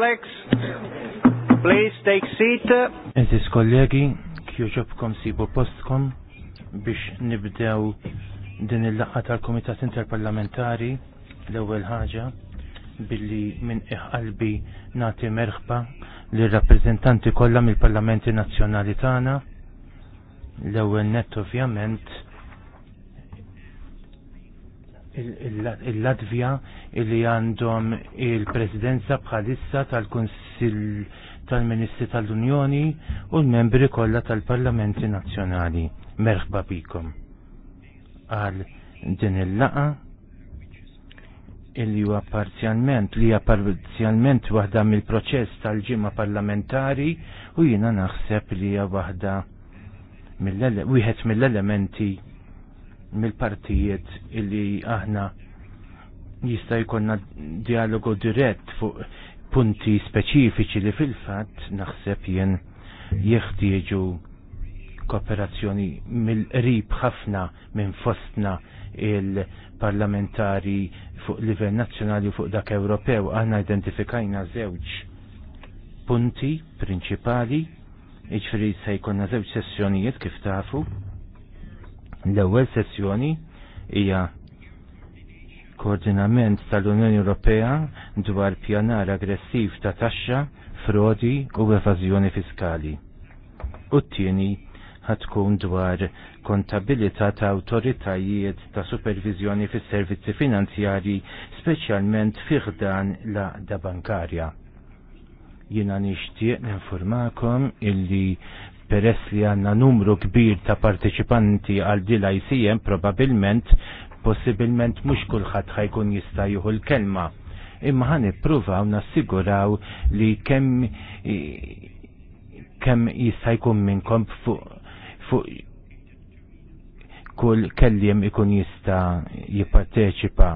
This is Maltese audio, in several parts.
colleagues, please take seat. Eżis kollegi, kjuġobkom sibu postkom biex nibdew din il-laqqa tal-Komitat Interparlamentari l-ewwel ħaġa billi minn iħqalbi nati merħba lir-rappreżentanti kollha mill-Parlamenti Nazzjonali tagħna l-ewwel nett ovvjament il il li għandhom il-Presidenza bħalissa tal-Kunsill tal-Ministri tal-Unjoni u l-membri kollha tal-Parlamenti Nazzjonali. Merħba bikom. Għal din il-laqa illi huwa parzjalment li hija parzjalment waħda mill-proċess tal-ġimgħa parlamentari u jiena naħseb li hija waħda mill-wieħed mill-elementi elementi mill-partijiet illi aħna jista' jkollna dialogu dirett fuq punti speċifiċi li fil-fatt naħseb jien jeħtieġu kooperazzjoni mill-qrib ħafna minn fostna il-parlamentari fuq livell nazzjonali u fuq dak Ewropew aħna identifikajna żewġ punti prinċipali iġfri se jkollna żewġ sessjonijiet kif tafu L-ewwel sessjoni hija koordinament tal-Unjoni Ewropea dwar pjanar aggressiv ta' taxxa, frodi u evażjoni fiskali. U t-tieni ħatkun dwar kontabilità ta' awtoritajiet ta' supervizjoni fis servizzi finanzjari speċjalment fiħdan l da bankarja. Jina nixtieq informakom illi peress li għanna numru kbir ta' partecipanti għal dila ICM probabilment possibilment mux kullħat ħajkun jista' juhu l-kelma. Imma ħan ippruvaw nassiguraw li kemm jista' jkun minnkom fuq fu, kull kelliem ikun jista' jipparteċipa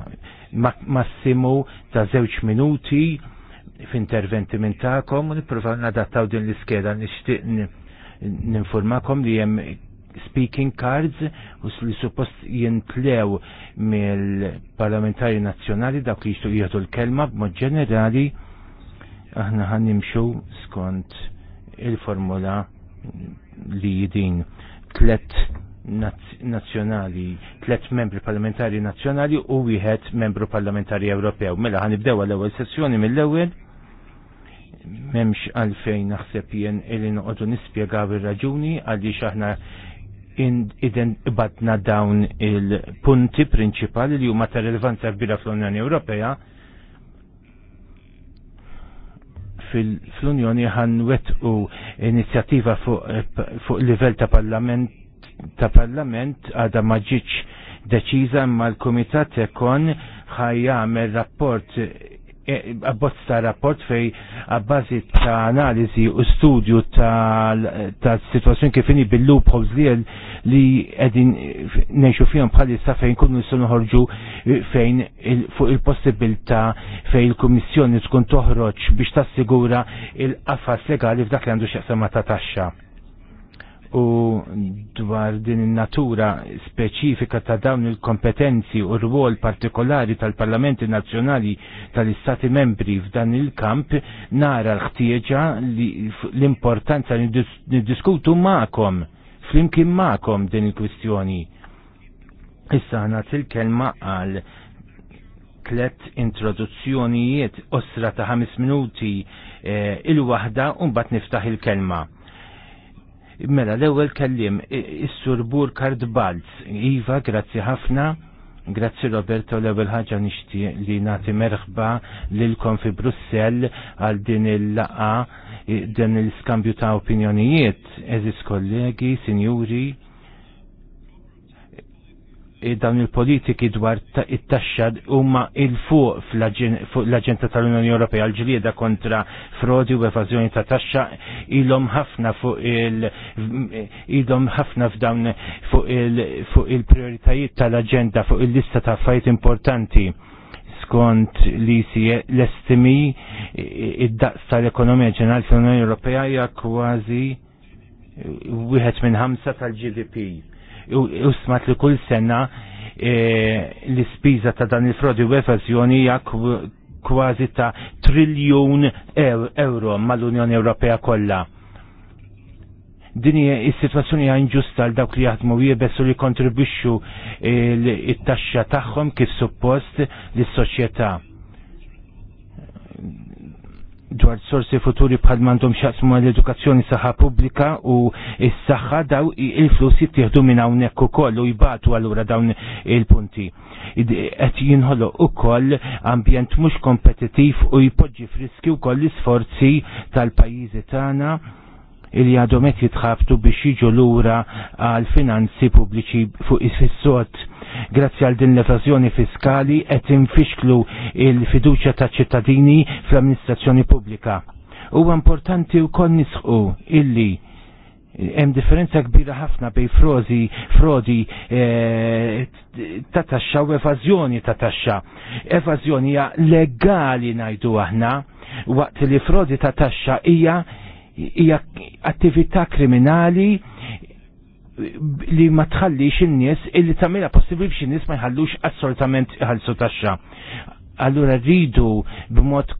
massimu ta' żewġ minuti f'interventi minn ta'kom u nippruvaw nadattaw din l-iskeda nixtieq ninformakom li jem speaking cards u li suppost jintlew mill-parlamentari nazzjonali dak li jistu jgħatu l-kelma b'mod ġenerali aħna ħan nimxu skont il-formula li jidin tlet nazzjonali, tlet membri parlamentari nazzjonali u wieħed membru parlamentari Ewropew. Mela nibdew għall-ewwel sessjoni mill-ewwel memx għalfejn naħseb jien illi noqogħdu nispjegaw ir-raġuni għaliex aħna id-den badna dawn il-punti prinċipali li huma ta' relevanza kbira fl-Unjoni Ewropea fil-Unjoni ħan wetqu inizjattiva fuq livell ta' parlament ta' parlament għada maġiċ deċiża ma' l-Kumitat ekon ħaj rapport E, abbozz rapport fej għabbazi ta' analizi u studju ta' situazzjoni kifini bil-loopholes li li għedin neħxu fjom bħalissa fejn kunu s ħorġu fejn fuq il-possibilta fejn il-Komissjoni tkun toħroġ biex tassigura il affas legali f'dak li għandu xieqsama ta' taxxa u dwar din in-natura speċifika ta' dawn il-kompetenzi u r-rwol partikolari tal-Parlamenti Nazzjonali tal-Istati Membri f'dan il-kamp nara l-ħtieġa l-importanza li niddiskutu ma'kom flimkien ma'kom din il-kwistjoni. Issa ħana il-kelma għal tlet introduzzjonijiet osra ta' 5 minuti eh, il-waħda u mbagħad niftaħ il-kelma Mela, l-ewel kellim, is-surbur Kard Balz. Iva, grazzi ħafna. Grazzi Roberto, l-ewel ħagġa nishti li nati merħba lilkom fi Brussel għal din il-laqa, din il-skambju ta' opinjonijiet, eżis kollegi, sinjuri dawn il-politiki dwar it-taxxa huma il-fuq fuq fl l aġenda tal-Unjoni Ewropea l-ġlieda kontra frodi u evażjoni ta' taxxa ilhom ħafna fuq il ilhom ħafna f'dawn fuq il-prioritajiet tal-Aġenda fuq il-lista ta' affarijiet importanti skont li si l-estimi id-daqs tal-ekonomija ġenerali tal-Unjoni Ewropea hija kważi wieħed minn ħamsa tal-GDP usmat li kull sena e, l-ispiża ta' dan il-frodi u evażjoni hija kważi ta' triljun euro mal-Unjoni Ewropea kollha. Din is-sitwazzjoni hija inġusta għal dawk li jaħdmu jibessu li kontribwixxu e, it-taxxa tagħhom kif suppost lis-soċjetà dwar sorsi futuri bħal mandom xaqsmu l-edukazzjoni saħħa pubblika u s-saħħa daw il-flus jittieħdu minn hawnhekk ukoll u jbatu allura dawn il-punti. Qed jinħolo ukoll ambjent mhux kompetittiv u jpoġġi friski wkoll l-isforzi tal-pajjiżi tagħna il għadhom qed jitħabtu biex jiġu lura għal finanzi pubbliċi fuq is-sott Grazzi għal din l-evażjoni fiskali qed infixklu il-fiduċja ta' ċittadini fl-amministrazzjoni pubblika. Huwa importanti wkoll nisħu illi hemm differenza kbira ħafna bej frozi frodi e, ta' taxxa u evażjoni ta' taxxa. Evażjoni hija legali ngħidu aħna waqt li frodi ta' taxxa hija hija attività kriminali li ma tħallix in-nies illi tagħmilha possibbli biex in-nies ma jħallux assolutament iħallsu taxxa. Allura rridu b'mod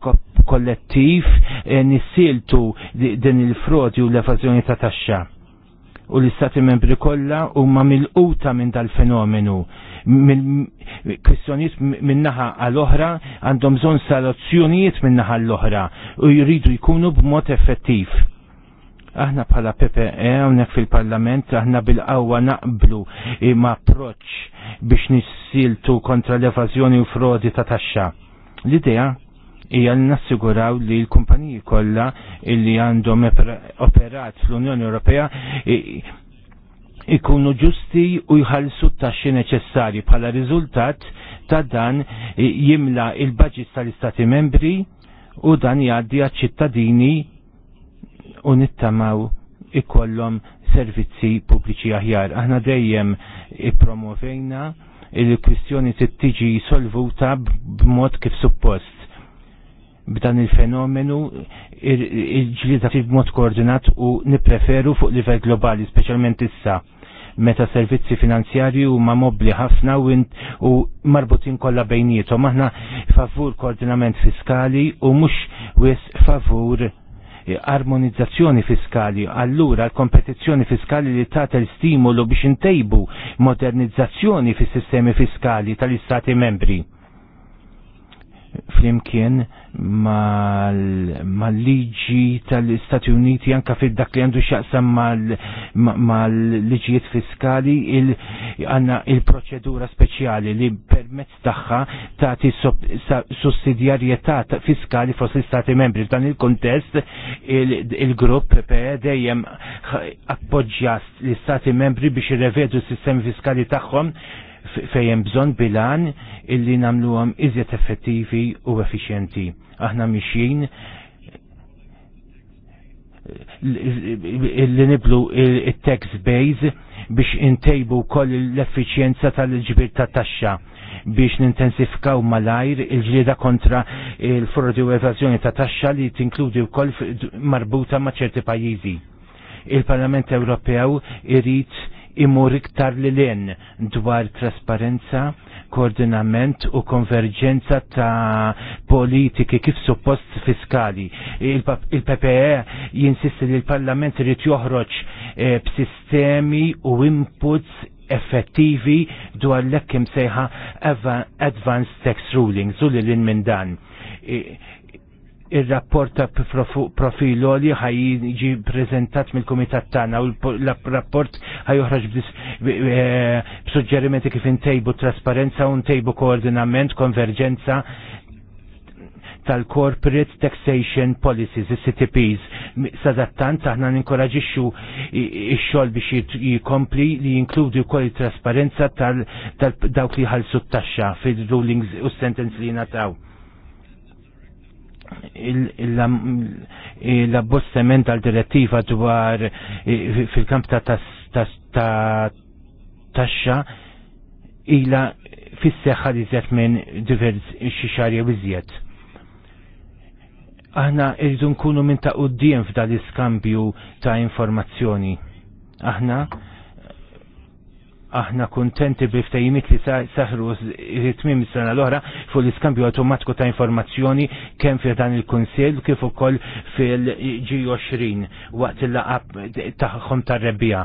kollettiv eh, nissiltu din il-frodi u l-evażjoni ta' taxxa u l-istati membri kollha huma milquta minn dal-fenomenu. Kwistjonijiet min-naħa għal-oħra għandhom bżonn soluzzjonijiet naħa l-oħra u jridu jkunu b'mod effettiv aħna bħala PPE hawnhekk fil-Parlament aħna bil-qawwa naqblu ma' approċċ biex nissiltu kontra l-evażjoni u frodi ta' taxxa. L-idea hija li nassiguraw li l-kumpaniji kollha li għandhom operat fl-Unjoni Ewropea ikunu ġusti u jħallsu t-taxxi neċessarji bħala riżultat ta' dan jimla il-budget tal-Istati membri u dan jgħaddi għad ċittadini u nittamaw ikollhom servizzi pubbliċi aħjar. Aħna dejjem ippromovejna il-kwistjoni tiġi solvuta b'mod kif suppost. B'dan il-fenomenu il-ġlida b'mod koordinat u nipreferu fuq livell globali, speċjalment issa meta servizzi finanzjarji huma mobbli ħafna u marbutin kollha bejnietom. Aħna favur koordinament fiskali u mhux wis favur armonizzazzjoni fiskali, allura l-kompetizzjoni fiskali li tagħtel stimolu biex intejbu modernizzazzjoni fis-sistemi fiskali tal-Istati membri flimkien mal-liġi tal-Istati Uniti anka fil dak li għandu xaqsam mal-liġijiet fiskali għanna il-proċedura speċjali li permezz tagħha tagħti sussidjarjetà fiskali fost l-Istati membri. F'dan il-kontest il-grupp PPE dejjem appoġġja l-Istati membri biex irrevedu s-sistemi fiskali tagħhom fejn bżon bilan illi għam iżjed effettivi u efficienti. Aħna mixjin eh, li niblu il-tax base biex intejbu koll l-effiċjenza tal-ġbir ta' taxxa biex nintensifkaw malajr il-ġlieda kontra il-frodi u evazjoni ta' taxxa li tinkludi wkoll marbuta ma' ċerti pajjiżi. Il-Parlament Ewropew irid imur iktar li l-in dwar trasparenza, koordinament u konverġenza ta' politiki kif suppost fiskali. Il-PPE jinsisti li l-Parlament rrit joħroġ e, b'sistemi u inputs effettivi dwar l-ekkim sejħa advanced tax rulings u li l-in minn dan e, il-rapport ta' profilu li ħaj ġi prezentat mill-komitat tagħna u l-rapport ħaj joħroġ eh, b'suġġerimenti kif intejbu trasparenza u ntejbu koordinament, konverġenza tal-Corporate Taxation Policies, CTPs. Sadattant aħna ninkoraġixxu x-xogħol biex jikompli li jinkludi wkoll it-trasparenza tal-dawk li ħalsu t-taxxa fil-rulings u sentence li nataw l-abbozzament għal direttiva dwar eh, fil-kamp ta' taxxa ila fis-seħħa li zet minn divers xixarja biżjed. Aħna irridu nkunu minn ta' qudiem f'dan l-iskambju ta' informazzjoni. Aħna aħna kontenti biftajimit li saħru it-tmim s-sena l-oħra fuq l-iskambju automatiku ta' informazzjoni kemm fi dan il-Kunsill kif ukoll fil-G20 waqt il-laqab tagħhom tar-rebbija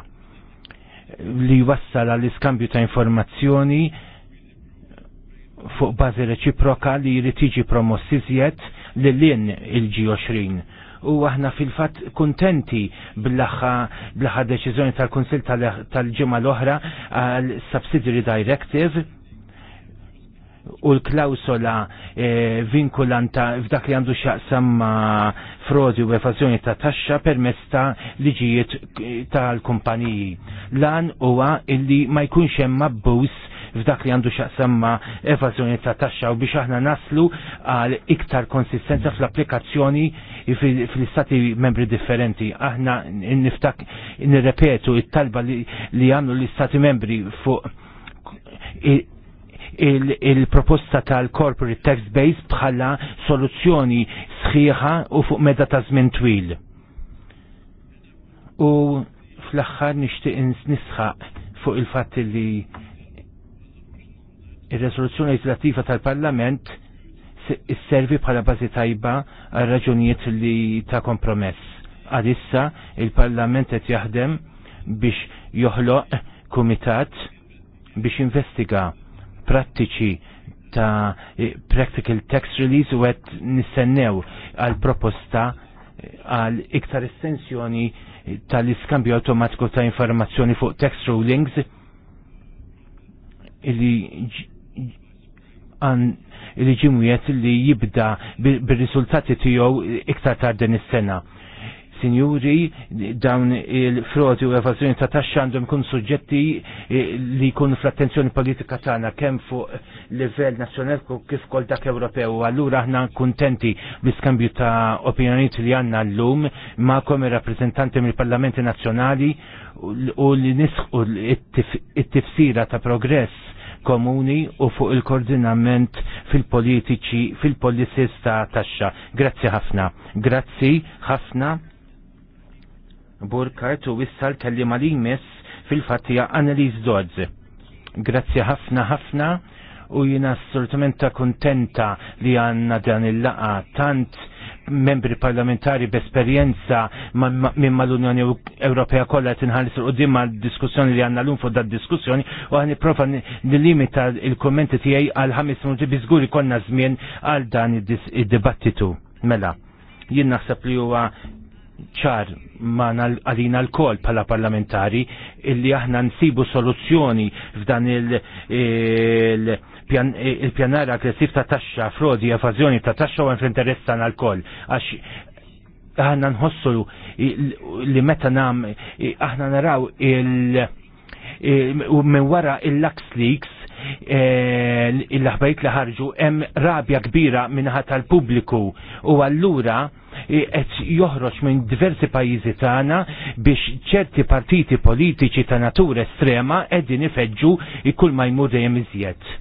li wassal għall iskambju ta' informazzjoni fuq bażi reċiproka li jrid tiġi promossiżjed lil lien il-G20 u aħna fil-fat kontenti bl-aħħa deċiżjoni tal konsil tal-ġimgħa l-oħra għal Subsidiary Directive u l-klausola e, vinkulanta f'dak li għandu xaqsam frodi u evażjoni ta' taxxa permezz ta' liġijiet e, tal-kumpaniji. Lan huwa illi ma jkunx hemm abbuż f'dak li għandu xaqsemma evażjoni ta' taxxa u biex aħna naslu għal iktar konsistenza fl-applikazzjoni fl-istati membri differenti. Aħna niftak nirrepetu it-talba li għandu l-istati membri fuq il-proposta tal-corporate tax base bħala soluzzjoni sħiħa u fuq meta ta' żmien twil. U fl-axħar nishtiq nisħaq fuq il-fatt li Ir-resoluzzjoni legislativa tal-Parlament servi bħala bażi tajba għal raġunijiet li ta' kompromess. Għadissa il-Parlament qed jaħdem biex joħloq kumitat biex investiga prattiċi ta' practical tax release u għed nissennew għal proposta għal iktar estensjoni tal-iskambju automatiku ta' informazzjoni fuq tax rulings illi għan il-ġimwiet li jibda bil-risultati tijow iktar tar din is-sena. Sinjuri, dawn il-frodi u evazjoni ta' taxxa għandhom kun suġġetti eh, li jkunu fl-attenzjoni politika tagħna kemm fuq livell nazzjonal kif kol dak Ewropew. Allura aħna kuntenti bl-iskambju ta' opinjonijiet li għandna llum ma'kom ir-rappreżentanti mill-Parlamenti Nazzjonali u li nisħu it-tifsira ta' progress komuni u fuq il-koordinament fil-politiċi, fil-policies ta' taxxa. Grazzi ħafna. Grazzi ħafna. Burkart u wissal kelli li jmiss fil-fatija Annelies Dodz. Grazzi ħafna ħafna u jina assortiment ta' kontenta li għanna dan il-laqa tant membri parlamentari b'esperjenza minn mal-Unjoni Ewropea kollha tinħallis il qudiem mal-diskussjoni li għandna l-lum fuq dat-diskussjoni u għan nipprova nilimita il-kommenti tiegħi għal ħames minuti biżguri konna żmien għal dan id-dibattitu. Mela, jien naħseb li huwa ċar ma għalina l-kol pala parlamentari illi aħna nsibu soluzzjoni f'dan il-pjanar aggressiv ta' taxxa, frodi, evazjoni ta' taxxa u fl-interess l-kol. Għax aħna nħossu li meta nam aħna naraw il- u minn wara il-Lux Leaks il-laħbajt eh, li ħarġu hemm rabja kbira minħat tal-pubbliku u allura eh, qed joħroġ minn diversi pajjiżi tagħna biex ċerti partiti politiċi ta' natura estrema qegħdin ifeġġu kull ma jmur dejjem iżjed.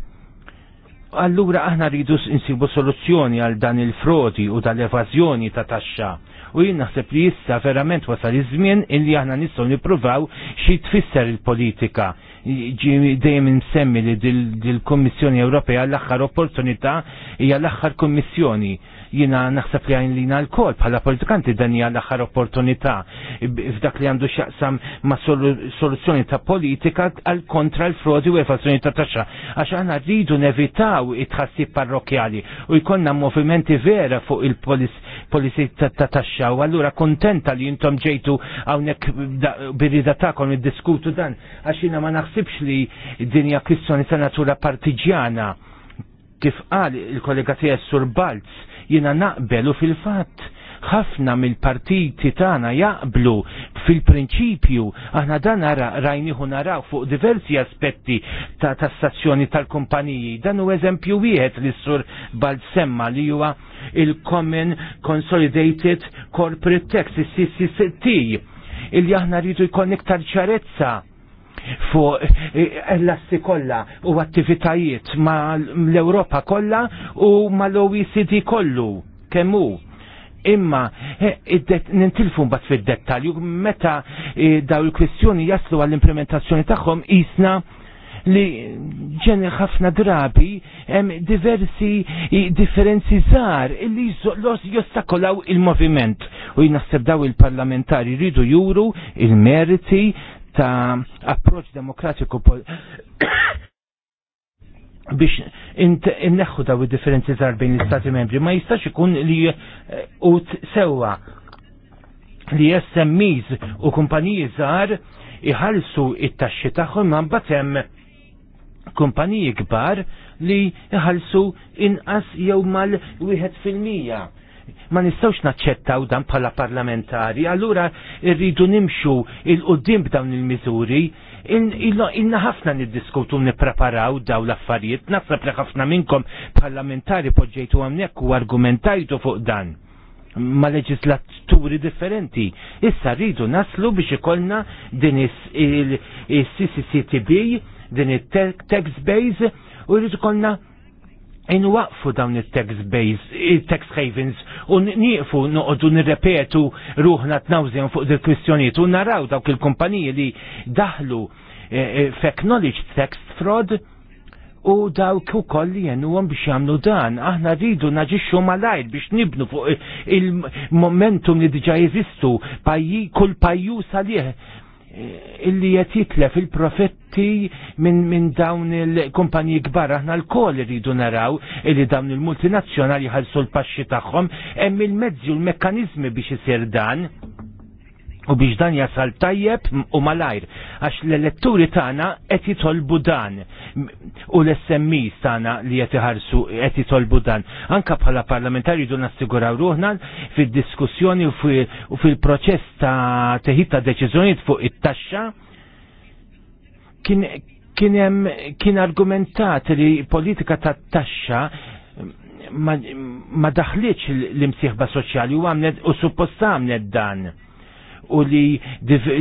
Allura aħna rridu insibu soluzzjoni għal dan il-frodi u dan l evażjoni ta' taxxa u jien naħseb li issa verament wasal iż-żmien illi aħna nistgħu nippruvaw xi tfisser il-politika dejjem insemmi li dil-Kommissjoni Ewropea l-aħħar opportunità hija l-aħħar kummissjoni jina naħseb li għajn lina l-kol bħala politikanti dan hija l-aħħar opportunità f'dak li għandu x'jaqsam ma' soluzzjoni ta' politika għal kontra l-frodi u evażjoni ta' taxxa. Għax aħna rridu nevitaw it-tħassib parrokjali u jkollna movimenti vera fuq il-polisi ta' taxxa u allura kontenta li jintom ġejtu hawnhekk birrida tagħkom iddiskutu dan għax jiena ma naħsibx li dinja kwistjoni ta' natura partiġjana kif qal il-kollega tiegħi Sur Balz jina naqbelu fil-fatt ħafna mill-partiti tagħna jaqblu fil-prinċipju aħna dan ara rajniħu naraw fuq diversi aspetti ta' tassazzjoni tal-kumpaniji. Dan u eżempju wieħed li sur bald semma li huwa il-Common Consolidated Corporate Tax, il-CCCT, il-li aħna rridu jkun iktar ċarezza fuq eh, l-assi kollha u attivitajiet ma l-Ewropa kollha u ma l-OECD kollu kemm hu imma eh, nintilfu mbagħad fid-dettalju meta eh, daw il kwestjoni jaslu għall-implementazzjoni tagħhom isna li ġen ħafna drabi hemm diversi differenzi żgħar illi jostakolaw il-moviment u jnaħseb daw il-parlamentari jridu juru il-meriti ta' approċ demokratiku biex inneħħu daw id-differenzi żgħar bejn l-Istati membri ma jistax ikun li eh, u sewwa li SMEs u kumpaniji żgħar iħalsu it-taxxi tagħhom ma mbagħad hemm kumpaniji kbar li iħallsu inqas jew mal wieħed fil-mija ma nistawx naċċettaw dan bħala parlamentari, allura rridu nimxu il-qoddim b'dawn il-miżuri, ilna ħafna niddiskutu nippreparaw daw l-affarijiet, nasab li ħafna minnkom parlamentari poġġejtu għamnek u argumentajtu fuq dan ma leġislaturi differenti. Issa rridu naslu biex ikollna din il-CCCTB, din il-text base, u rridu kollna waqfu dawn il-tax base, il-tax havens, u nieqfu noqdu nirrepetu ruħna t-nawżin fuq dil kwistjoniet u naraw dawk il-kumpaniji li daħlu eh, eh, f'acknowledge tax fraud u dawk u kolli li jennuhom biex jagħmlu dan. Aħna rridu naġixxu malajt biex nibnu fuq il-momentum li diġa' jeżistu pajji kull pajju salih illi qed jitlef il profetti minn min dawn il kumpanji kbar aħna l-kol irridu naraw illi dawn il-multinazzjonali ħalsu l-paxxi tagħhom hemm il-mezzi u l-mekkaniżmi biex isir dan u biex dan jasal tajjeb u malajr, għax l-elettori tagħna qed jitolbu dan u l-SMIs tagħna li qed iħarsu qed jitolbu dan. Anka bħala parlamentari jdu nassiguraw ruħna fid-diskussjoni u fil-proċess ta' teħid ta' deċiżjonijiet fuq it-taxxa kien kien argumentat li politika ta' taxxa ma, ma daħliċ l-imsieħba soċjali u għamnet u suppost għamnet dan u li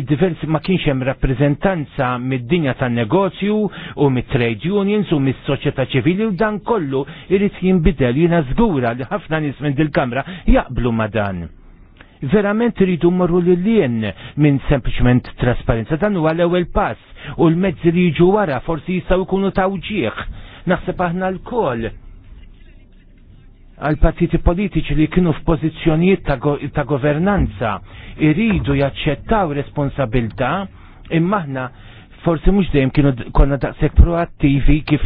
divers ma kienx hemm rappreżentanza mid-dinja tan-negozju u mit-trade unions u mis-soċjetà ċivili u dan kollu irid jinbidel jiena żgura li ħafna nies minn dil-Kamra jaqblu ma dan. Verament rridu morru li lien minn sempliċement trasparenza dan huwa l-ewwel pass u l-mezzi li jiġu wara forsi jistgħu jkunu tawġieħ. Naħseb aħna l-koll għal partiti politiċi li kienu f'pożizzjonijiet ta, go ta' governanza iridu jaċċettaw responsabilta imma aħna forsi mhux dejjem kienu konna daqshekk proattivi kif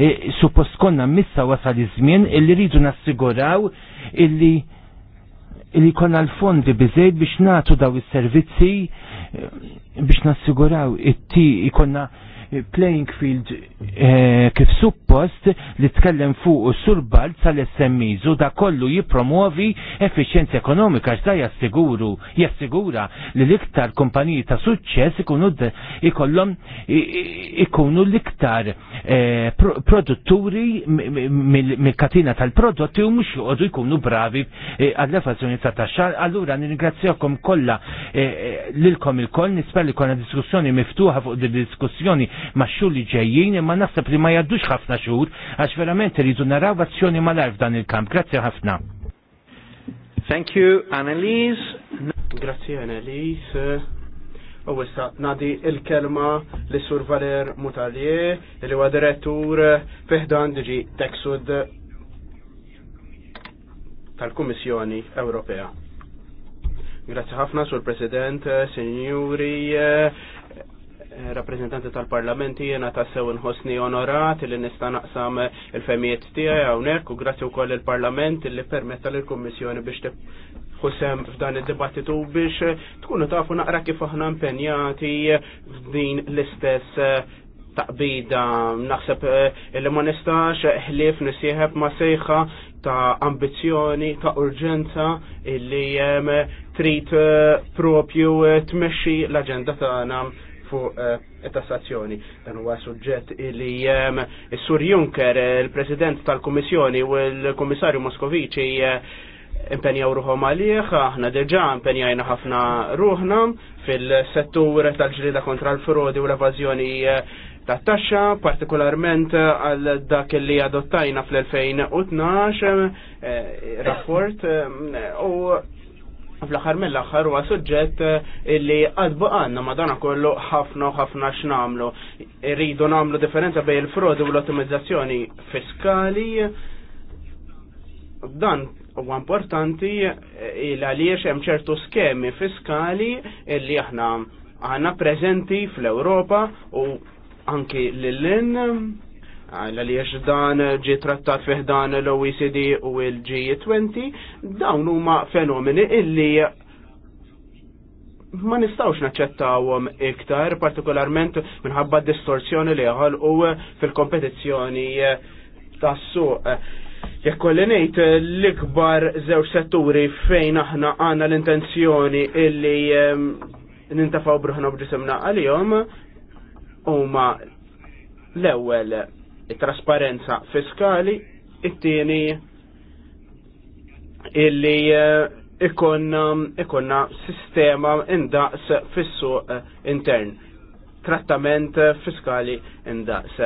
e, suppost konna missa wasal iż-żmien illi rridu nassiguraw illi li konna l-fondi bizzejt biex natu daw is-servizzi eh, biex nassiguraw it-ti ikonna playing field eh, kif suppost li tkellem fuq u balt sal-SMEs u da kollu jipromuovi effiċjenza ekonomika x'da jassiguru jassigura li l-iktar kumpaniji ta' suċċess ikunu ikollhom ikunu l-iktar eh, produtturi mill-katina tal-prodotti u mhux joqogħdu jkunu bravi eh, għall efazzjoni ta' taxxar. Allura nirringrazzjakom kollha lilkom il-koll nisper li konna diskussjoni miftuħa fuq di diskussjoni ma' xhur li ġejjin imma naħseb li ma jgħaddux ħafna xhur għax verament iridu naraw azzjoni mal-arf dan il-kamp. Grazzi ħafna. Thank you, Annelise. Grazzi Annelise. U wissa nadi il-kelma li sur Valer Mutalje, li huwa direttur fiħdan diġi Texud tal-Kummissjoni Ewropea. Grazzi ħafna sur President, Signuri rappresentanti tal-parlamenti jena ta' sew nħosni onorat li nista' naqsam il-femijiet tiegħi hawnhekk u grazzi wkoll il-parlament li permetta l kummissjoni biex tħussem f'dan id-dibattitu biex tkunu tafu naqra kif aħna impenjati f'din l-istess taqbida naħseb eh, li ma nistax ħlief nisieħeb ma sejħa ta' ambizjoni, ta' urġenza illi eh, trid eh, propju tmexxi l-aġenda tagħna fuq eh, tassazzjoni. Dan huwa suġġett li ehm, s-Sur Juncker, eh, il-President tal-Kummissjoni u l-Kummissarju Moskoviċi eh, impenjaw ruħom għalih, aħna deġa impenjajna ħafna ruħna fil-settur tal-ġrida kontra l-frodi u l-evazjoni ta' taxxa, partikolarment għal dak li adottajna fl-2012 rapport u fl-axar mill-axar huwa suġġett eh, li għadbu għanna madana kollu ħafna ħafna x'namlu. Rridu namlu differenza bejn il-frodi u l-ottimizzazzjoni fiskali. Dan huwa importanti eh, il għaliex hemm ċertu skemi fiskali li aħna għanna preżenti fl-Ewropa u anki l-lin għalla li jax dan ġi trattat fih dan l-OECD u l-G20, dawn huma fenomeni illi ma nistawx naċċettawhom iktar, partikolarment minħabba distorsjoni li għal u fil-kompetizzjoni tas-suq. Jekk kolli ngħid l-ikbar żewġ setturi fejn aħna għandna l-intenzjoni illi nintafaw bruħna b'ġisimna għalihom huma l-ewwel it-trasparenza fiskali, it-tieni illi eh, um, ikonna sistema indaqs fissu eh, intern, trattament eh, fiskali indaqs.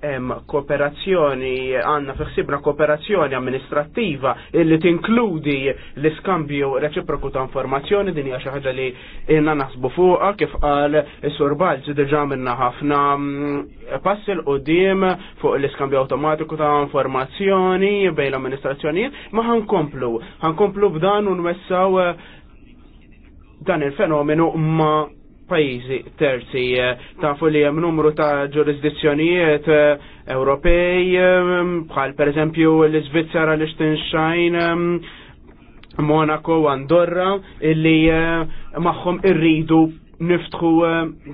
Em kooperazzjoni għandna fiħsibna kooperazzjoni amministrattiva illi tinkludi l-iskambju reċiproku ta' informazzjoni din hija xi ħaġa li inna naħsbu fuqha kif qal is-Sur Balzi diġà minna ħafna mm, passi l qudiem fuq l-iskambju awtomatiku ta' informazzjoni bejn l amministrazzjoni ma ħankomplu ħankomplu b'dan u nwessaw eh, dan il-fenomenu ma' pajizi terzi. Tafu li hemm numru ta' ġurisdizzjonijiet eh, Ewropej, eh, bħal per eżempju l-Svizzera, l istinxajn eh, Monaco, Andorra, illi magħhom irridu niftħu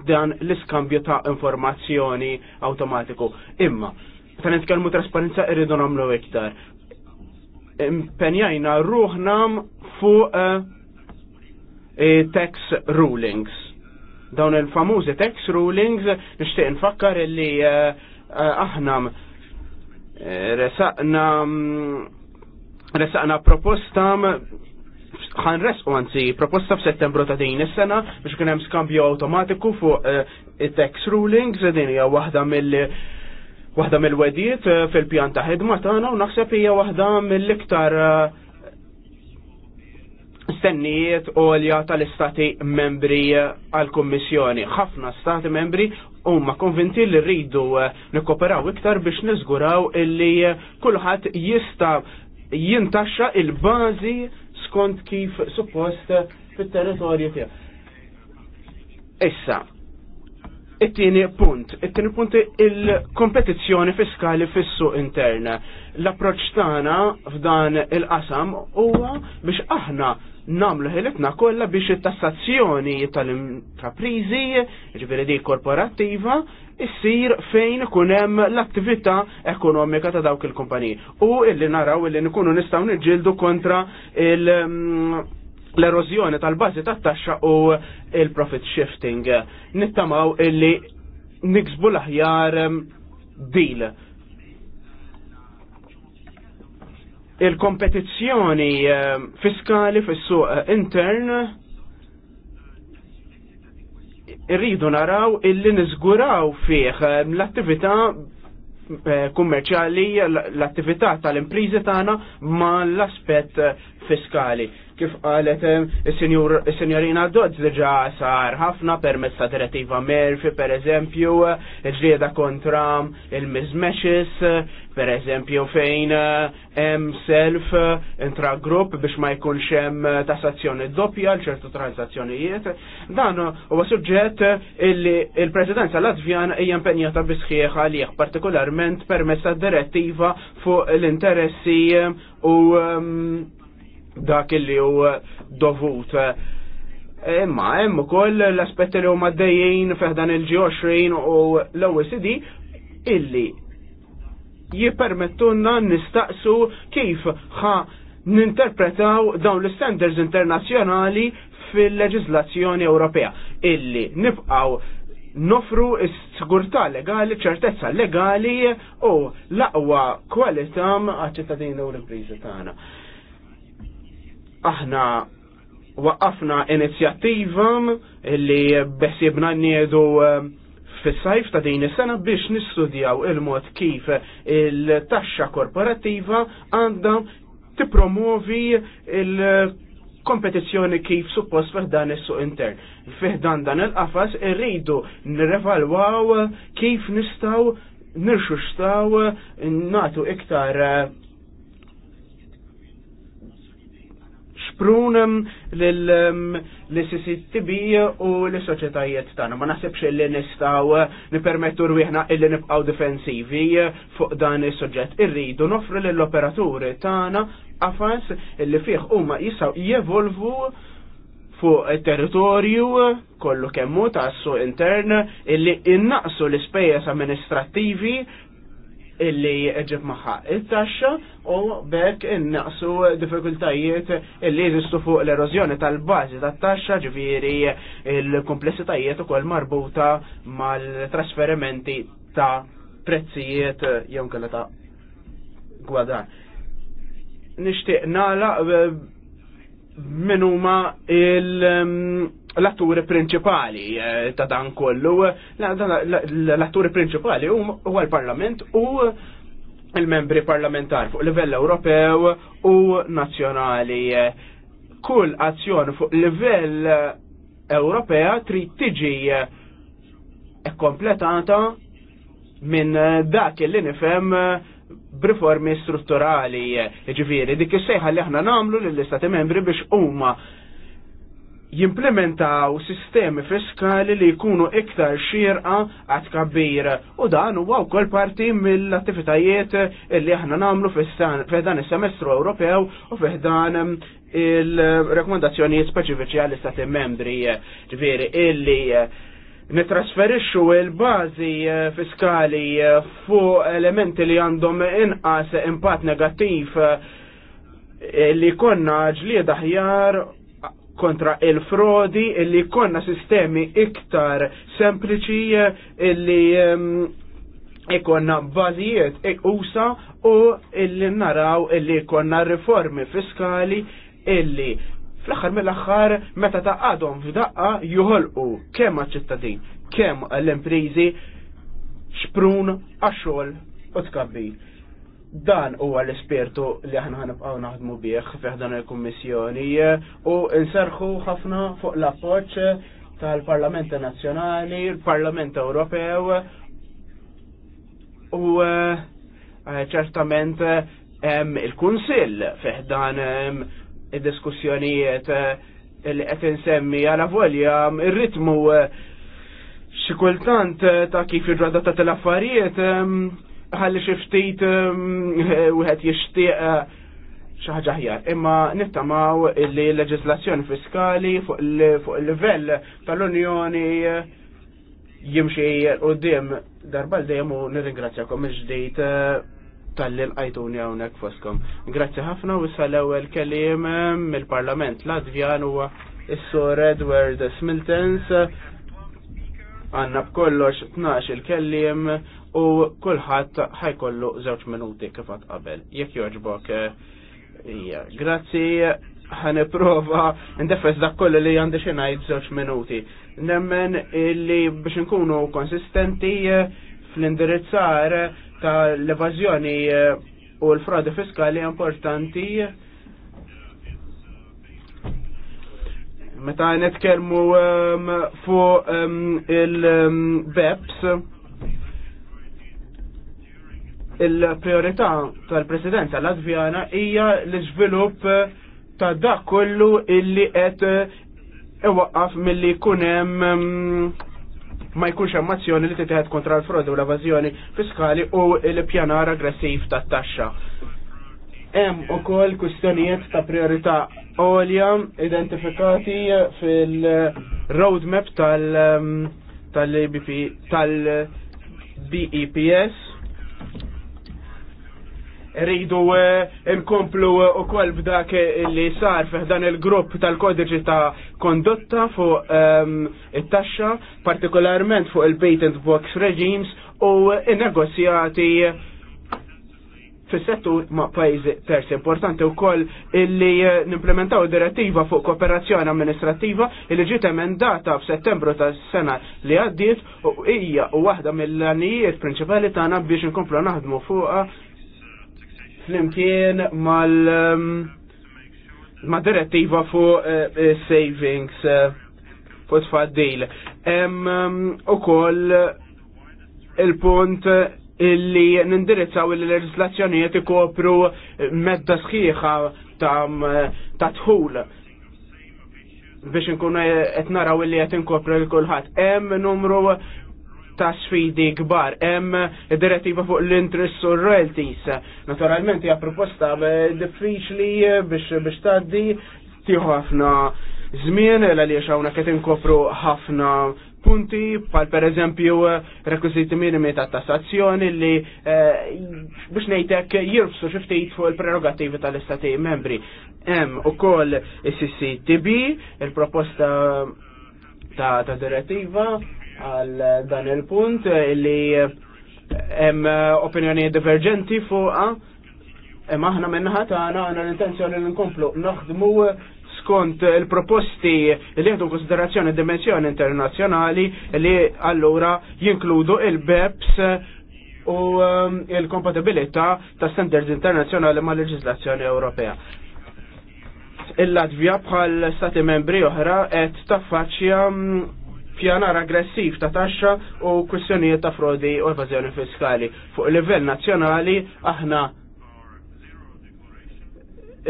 dan l-iskambju ta' informazzjoni automatiku. Imma, ta' nitkellmu trasparenza irridu nagħmlu iktar. Impenjajna ruħna fuq tax rulings dawn il-famużi tax rulings nixtieq nfakkar li eh, eh, aħna eh, resaqna mm, resaqna proposta mm, ħan resqu għanzi proposta f'settembru ta' din is-sena biex kien hemm skambju automatiku fuq it-tax rulings din hija waħda mill waħda mill-wedijiet fil-pjan ta' ħidma tagħna u naħseb hija waħda mill-iktar uh, stennijiet olja tal-istati membri għal-Kommissjoni. ħafna stati membri huma konvinti li rridu eh, nikkoperaw iktar biex niżguraw illi eh, kulħadd jista' jintaxxa il-bażi skont kif suppost fit-territorju tiegħu. Issa, it-tieni punt, it-tieni punt il-kompetizzjoni fiskali fis-suq interna. L-approċċ tagħna f'dan il-qasam huwa biex aħna namlu ħilitna kollha biex it-tassazzjoni tal-intraprizi, ġifieri dik korporattiva, issir fejn kunem hemm l-attività ekonomika ta' dawk il kumpani U illi naraw illi nkunu nistgħu niġġieldu kontra il- mm, l-erozjoni tal-bazi tat-taxxa u il-profit shifting. Nittamaw illi niksbu l-aħjar mm, deal il-kompetizzjoni eh, fiskali fis-suq eh, intern irridu naraw illi niżguraw fih eh, l-attività kummerċali l-attività tal-imprizi tagħna ma l-aspett fiskali kif qalet il-senjorina Dodds diġà sar ħafna permezz ta' direttiva Murphy per eżempju, ġlieda kontra il-mizmexis, per eżempju fejn hemm self intra grupp biex ma jkunx hemm tassazzjoni doppja ċertu transazzjonijiet. Dan huwa suġġett illi il-Presidenza Latvjan hija impenjata bi sħiħ għalih, partikolarment permezz tad direttiva fuq l-interessi u dak illi hu dovut. Imma hemm ukoll l-aspetti li huma dejjin feħdan il-G20 u l-OECD illi jippermettunna nistaqsu kif ħa ninterpretaw dawn l-standards internazzjonali fil-leġislazzjoni Ewropea illi nibqaw nofru s-sigurtà legali, ċertezza legali u l-aqwa kwalità għal ċittadini u l imprizi tagħna aħna waqafna inizjattiva li besibna njedu eh, fis-sajf ta' din is-sena biex nistudjaw il-mod kif il-taxxa korporattiva għandha tippromovi il-kompetizzjoni kif suppost fih dan is-suq intern. Fih dan dan il-qafas irridu nirrevalwaw kif nistaw nirxuxtaw natu iktar eh, sprun l-CCTB um, u l-soċetajiet tagħna. Ma nasibx li nistgħu nipermettu rwieħna illi nibqgħu difensivi fuq dan is-soġġett. Irridu nofru lill-operaturi tagħna għafas illi fih huma jistgħu jevolvu fuq territorju kollu kemmu tassu intern illi innaqsu l-ispejjeż amministrattivi illi ġib maħħa it-taxxa u bekk innaqsu diffikultajiet illi jżistu fuq l-erozjoni tal-bażi tat-taxxa ġifieri l-komplessitajiet ukoll marbuta mal-trasferimenti ta' prezzijiet jew kellha ta' gwadan. Nixtieq nagħlaq min huma il- l-atturi prinċipali eh, ta' dan kollu, l-atturi prinċipali huwa l-Parlament u il-membri parlamentari fuq livell Ewropew u nazzjonali. Kull azzjoni fuq livell Ewropea trid tiġi eh, kompletata minn dak li nifhem b'riformi strutturali, ġifieri dik is-sejħa li aħna nagħmlu lill istati membri biex huma jimplementaw sistemi fiskali li jkunu iktar xirqa għat kabbir u dan huwa wkoll parti mill-attivitajiet li aħna nagħmlu f'dan is-semestru Ewropew u fiħdan il-rekomendazzjonijiet speċifiċi għal istati membri ġifieri illi nitrasferixxu il-bażi fiskali fuq elementi li għandhom inqas impatt negattiv eh, li konna ġlieda ħjar kontra il-frodi illi konna sistemi iktar sempliċi illi ikonna bazijiet e- usa u illi naraw illi ikonna riformi fiskali illi fl-axar mill-axar meta ta' għadhom f'daqqa juħolqu kemm għaċ-ċittadin, kemm għall-imprizi xprun għax-xogħol u tkabbi. Dan huwa l-ispirtu li aħna ħanibqgħu naħdmu bih dan il-Kummissjoni u nserħu ħafna fuq l-appoġġ tal-Parlament Nazzjonali, il-Parlament Ewropew u eh, ċertament il-Kunsill dan id-diskussjonijiet eh, li qed insemmi għala volja ir-ritmu eh, x'i kultant ta' kif ta' tal-affarijiet ħalli xi ftit um, wieħed jishtiq uh, xi ħjar. Imma nittamaw li leġislazzjoni fiskali fuq il-livell tal-Unjoni uh, jimxi dim darba l dim u nirringrazzjakom il-ġdejt uh, tal-li l-għajtuni għawnek foskom. Grazzi ħafna u s-salaw il kelim um, mill-Parlament Latvjan u s-sur Edward Smiltens għanna b'kollox 12 il-kellim u kulħadd ħajkollu żewġ minuti kif qatt qabel. Jekk jogħġbok, eh, grazzi prova ndefess dak kollu li għandi xi ngħid żewġ minuti. Nemmen li biex inkunu konsistenti eh, fl-indirizzar ta' l-evażjoni eh, u l-frodi fiskali importanti meta netkelmu ehm, fuq ehm, il-BEPS ehm, il-priorità tal-presidenza Latvjana hija l-iżvilupp ta' dak kollu illi qed iwaqqaf milli jkun hemm mm, ma jkunx hemm azzjoni li titeħed kontra l-frodi u l-evażjoni fiskali u l-pjanar aggressiv tat-taxxa. Hemm ukoll kwistjonijiet ta' priorità għolja identifikati fil-roadmap tal-EBP mm, tal-BEPS rridu eh, nkomplu eh, u kol b'dak eh, li sar dan il-grupp tal-kodiċi ta' kondotta fuq ehm, it-taxxa, partikolarment fuq il-patent box regimes u negozjati fis-settur ma' pajjiżi terzi importanti wkoll illi nimplementaw direttiva fuq kooperazzjoni amministrattiva illi ġiet emendata f'Settembru tas-sena li għaddiet u hija waħda mill-għanijiet prinċipali tagħna biex inkomplu naħdmu fuqha flimkien mal um, ma direttiva fuq eh, eh, savings eh, fuq tfaddil. Um, u koll il-punt illi nindirizzaw il-leġislazzjonijiet ikopru medda sħiħa ta' tħul biex nkunu qed naraw illi qed inkopru l kulħadd. Hemm numru ta' sfidi kbar. Hemm direttiva fuq l-interess u royalties. Naturalment hija proposta eh, diffiċli biex biex tgħaddi tieħu ħafna żmien għaliex hawnhekk qed inkopru ħafna punti, pal per eżempju eh, rekwiziti minimi ta' tassazzjoni li eh, biex nejtek xi xiftit fuq il-prerogativi tal-istati membri. Hemm ukoll is-CCTB, il-proposta ta', ta direttiva għal dan il-punt eh, li eh, hemm eh, opinjoni divergenti fuqa imma aħna minnaħa tagħna għandna l-intenzjoni li nkomplu naħdmu skont il-proposti li jieħdu konsiderazzjoni dimensjoni internazzjonali li allura jinkludu il-BEPS u il-kompatibilità ta' standards internazzjonali ma' leġislazzjoni Ewropea. Il-Latvija bħal stati membri oħra qed taffaċċja mm, pjanar aggressiv ta' taxxa u kwistjonijiet ta' frodi u evażjoni fiskali. Fuq livell nazzjonali aħna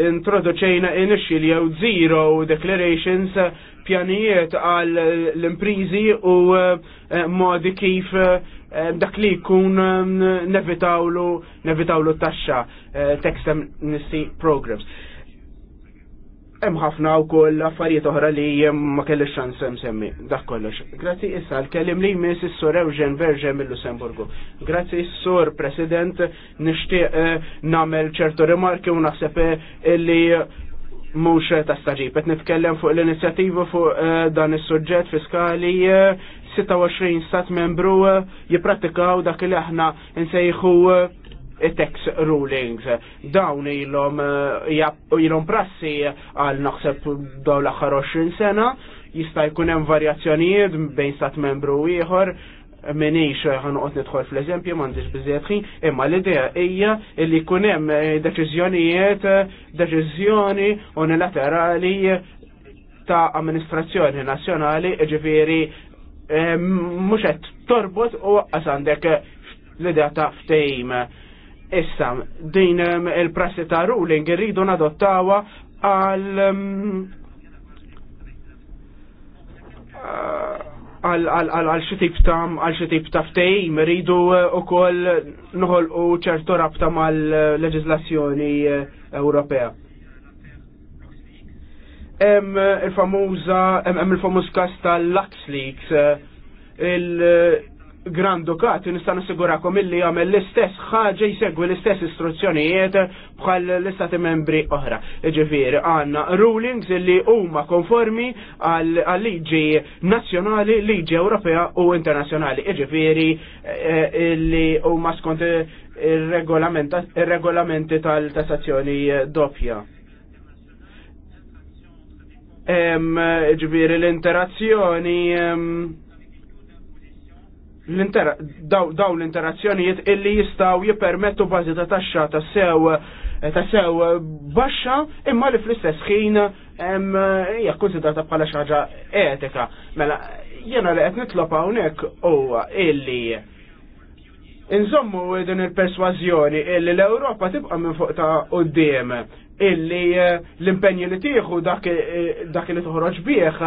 introduċejna initial jew zero declarations pjanijiet għal l-imprizi u eh, modi kif eh, dak li jkun eh, nevitawlu nevitawlu taxxa tekstem nissi programs hemm ħafna wkoll affarijiet oħra li ma kellix hemm semmi dak kollox. Grazzi issa l-kellim li jmiss is-sur Eugen Verge mill-Lussemburgu. Grazzi sur President nixtieq eh, nagħmel ċertu rimarki u naħseb eh, li mhux ta' staġib. Qed nitkellem fuq l-inizjattiva fuq eh, dan is-suġġett fiskali 26 stat membru jipprattikaw dak li aħna nsejħu tax rulings. Dawn ilhom eh, ilhom prassi għal naħseb dawn l-aħħar 20 sena, jista' jkun hemm varjazzjonijiet bejn stat membru ieħor, minix eh, ħanqot nidħol fl-eżempju m'għandix biżejjed ħin, imma l-idea hija li jkun hemm eh, deċiżjonijiet, deċiżjoni unilaterali ta' amministrazzjoni nazzjonali, ġifieri mhux qed torbot u għandek l-idea ta' ftejm Issa, din il-prassi ta' ruling irridu nadottawa għal eh, għal xitib ta' għal xitib ta' ftej, rridu eh, u koll nħol u ċertu rabta mal leġizlazzjoni eh, Ewropea. Em il-famuża, em il-famuż kas tal-Lux Leaks, Grandukat nistan nassigurakom illi jagħmel l-istess ħaġa jsegwi l-istess istruzzjonijiet bħal l-istati membri oħra. Ġifieri għandna rulings illi huma konformi għal liġi nazzjonali, liġi Ewropea u internazzjonali. Ġifieri eh, eh, illi huma skont ir-regolamenti tal-tassazzjoni eh, doppja. Ġifieri l-interazzjoni daw l-interazzjonijiet illi jistaw jipermettu bazi ta' taxxa ta' sew eh, ta' sew eh, baxxa imma li fl-istess ħin eh, hija konsidrata bħala xi ħaġa etika. Mela jiena li qed nitlob hawnhekk huwa illi Inżommu din il-persważjoni illi l-Ewropa tibqa' minn fuq ta' quddiem illi l-impenju li tieħu dak li toħroġ bih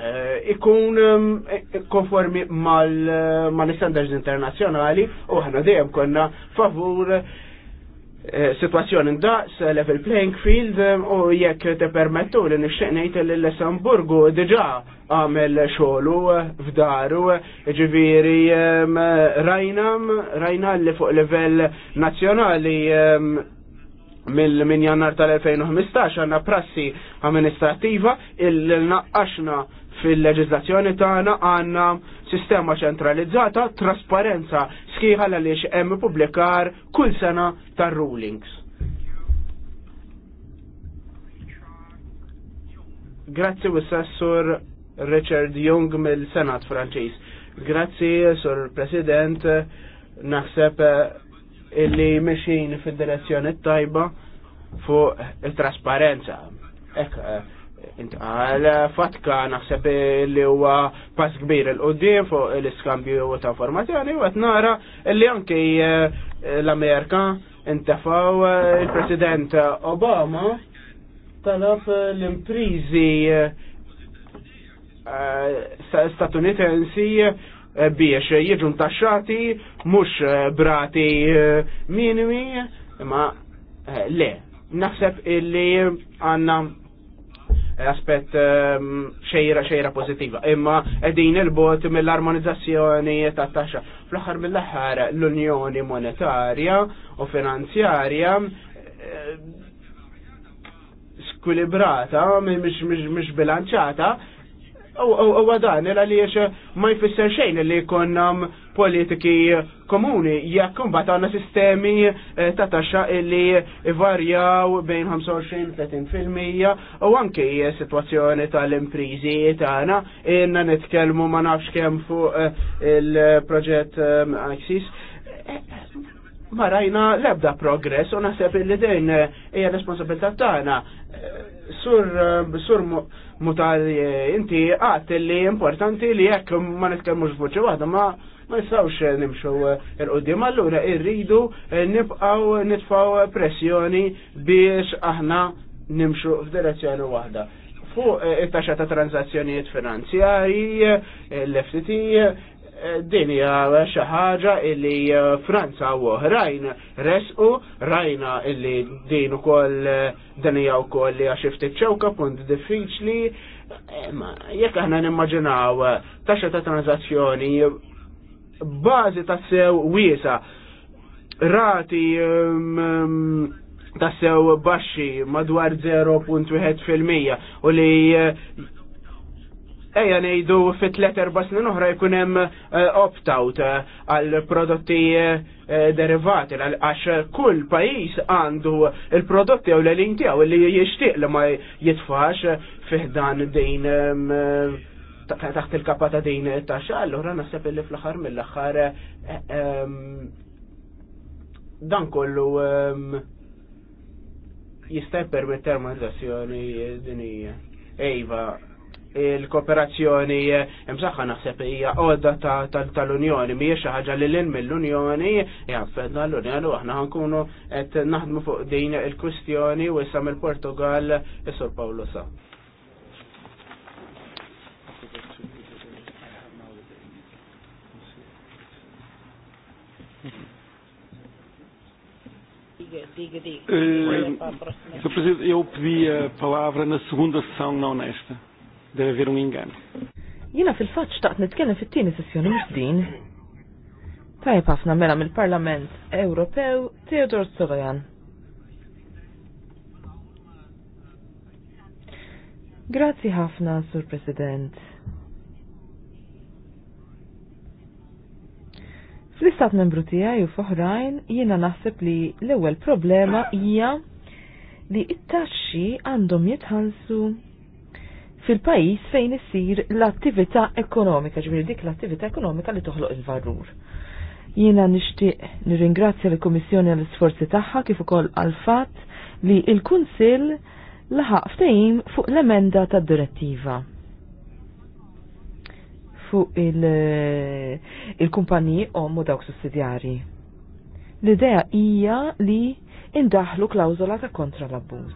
Eh, ikun e, konformi mal-standards eh, internazjonali u ħana dejjem konna favur eh, situazzjoni daqs level playing field u jekk te permettu li nixxenejt li l lessamburgu diġa għamel xolu f'daru ġiviri rajna rajna li fuq level nazjonali mill-min jannar tal-2015 għanna prassi amministrativa il-naqqaxna fil-leġizlazzjoni tagħna għandna sistema ċentralizzata, trasparenza sħiħa għaliex hemm publikar kull sena tar-rulings. Grazzi Wissessur Richard Jung mill-Senat Franċiż. Grazzi, Sur President, naħseb eh, illi mexin fid-direzzjoni tajba fuq it-trasparenza. Ek, eh, Intqal eh, fatka naħseb eh, li huwa pass kbir il-qoddim fuq l-iskambju ta' informazzjoni u qed nara li anki eh, l-Amerika intefaw il-President Obama talab l-imprizi statunitensi biex jiġu ntaxxati mhux brati minimi ma le naħseb illi għandna aspett ehm, xejra xejra pozitiva. Imma qegħdin il-bot mill-armonizzazzjoni ta' taxxa. Fl-aħħar mill-aħħar l-Unjoni Monetarja u Finanzjarja ehm, skwilibrata, mish bilanċata, U għadan, il għaliex ma jfisser xejn li konna politiki komuni, jekk mbagħad għandna sistemi eh, ta' taxxa li varjaw bejn 25-30% u anke situazzjoni tal-imprizi tagħna inna nitkellmu ma nafx kemm fuq eh, il-proġett ISIS. Eh, ma rajna lebda progress u naħseb li din eh, hija responsabilità tagħna. Eh, sur eh, sur mutali inti għat li importanti li jekk ma nitkellmux voċi waħda ma ma nistawx nimxu il-qudiem allura irridu nibqgħu nitfgħu pressjoni biex aħna nimxu f'direzzjoni waħda. Fuq it-taxxa ta' tranzazzjonijiet finanzjarji, l-FTT, Eh, din hija xi ħaġa illi eh, Franza u oħrajn resqu rajna illi din ukoll eh, dan hija wkoll li għax ftit ċewka punt diffiċli jekk aħna nimmaġinaw taxxa ta' tranzazzjoni bażi ta' sew wiesa rati mm, mm, ta' sew baxxi madwar 0.1 u li eja nejdu fit letter bas snin oħra jkun hemm eh, opt-out eh, għal prodotti eh, derivati għax kull pajjiż għandu il-prodotti u l-lin tiegħu li jixtieq li ma jitfax fih dan din taħt il-kapa ta' din ta' xa, allora naħseb li fl-aħħar mill-aħħar dan kollu jista' jpermet termonizzazzjoni dinija. Ejva, il-kooperazzjoni eh, imsaħħa naħseb hija għodda tal-Unjoni mhijiex xi ħaġa li lin mill-Unjoni hija l-Unjoni u aħna nkunu qed naħdmu fuq din il-kwistjoni u issa mill-Portugal is-Sur Pawlu sa. Eh, Sr. Presidente, Eu pedi a palavra na segunda sessão, não nesta. Birmingham. Um Jina fil-fatt xtaqt nitkellem fit-tieni sessjoni mhux din. Tajb ħafna mela mill-Parlament Ewropew Theodor Sorojan. Grazzi ħafna, Sur President. Fl-istat membru tiegħi u foħrajn jiena naħseb li l-ewwel problema hija li it-taxxi għandhom jitħansu fil-pajis fejn issir l-attività ekonomika, ġbir dik l-attività ekonomika li toħloq il-varur. Jiena nixtieq nirringrazzja l-Kummissjoni għall isforzi tagħha kif ukoll għal fatt li l-Kunsill laħaq ftehim fuq l-emenda tad-direttiva fuq il-kumpaniji il ommu dawk sussidjari. L-idea hija li indaħlu klawzola ta' kontra l-abbuż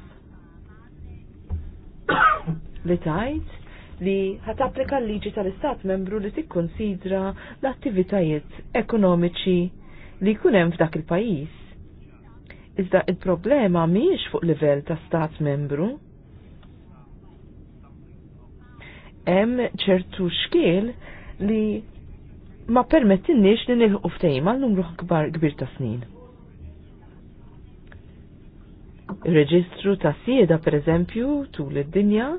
li tajt li ħat applika l-liġi tal-istat membru li tikkonsidra l-attivitajiet ekonomiċi li kunem f'dak il-pajis. Iżda il-problema miex fuq livell ta' stat membru. Hemm ċertu xkiel li ma permettinniex li nilħu ftejma l-numru kbar kbir ta' snin. Reġistru ta' sieda per eżempju tul id-dinja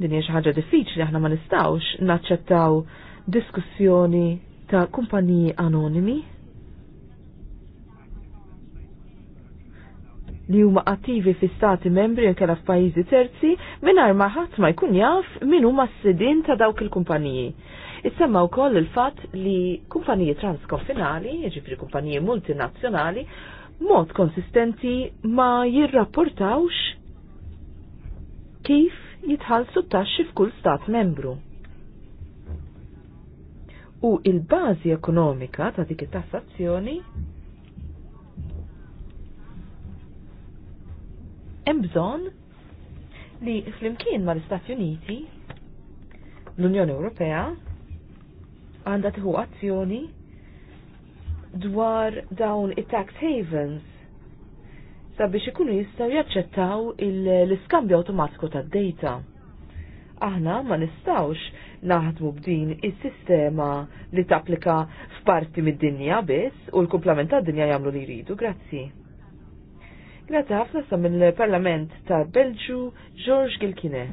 din hija xi ħaġa diffiċli aħna ma nistgħux naċċettaw diskussjoni ta' kumpaniji anonimi li huma attivi fi stati membri u kella f'pajjiżi terzi mingħajr ma ħadd ma jkun jaf min huma s-sidin ta' dawk il-kumpaniji. Issemma wkoll il-fatt li kumpaniji transkonfinali, jiġifieri kumpaniji multinazzjonali, mod konsistenti ma jirrapportawx kif jitħallsu taxxi f'kull stat membru. U il-bażi ekonomika ta' dik it-tassazzjoni hemm bżonn li flimkien mal-Istati Uniti l-Unjoni Ewropea għandha tieħu azzjoni dwar dawn it-tax havens sabiex ikunu jistaw jaċċettaw l-iskambju automatiku ta' data. Aħna ma nistawx naħdmu b'din is-sistema li tapplika f'parti mid-dinja biss u l-kumplament tad dinja jagħmlu li jridu. Grazzi. Grazzi ħafna sa mill-Parlament ta' Belġu George Gilkine.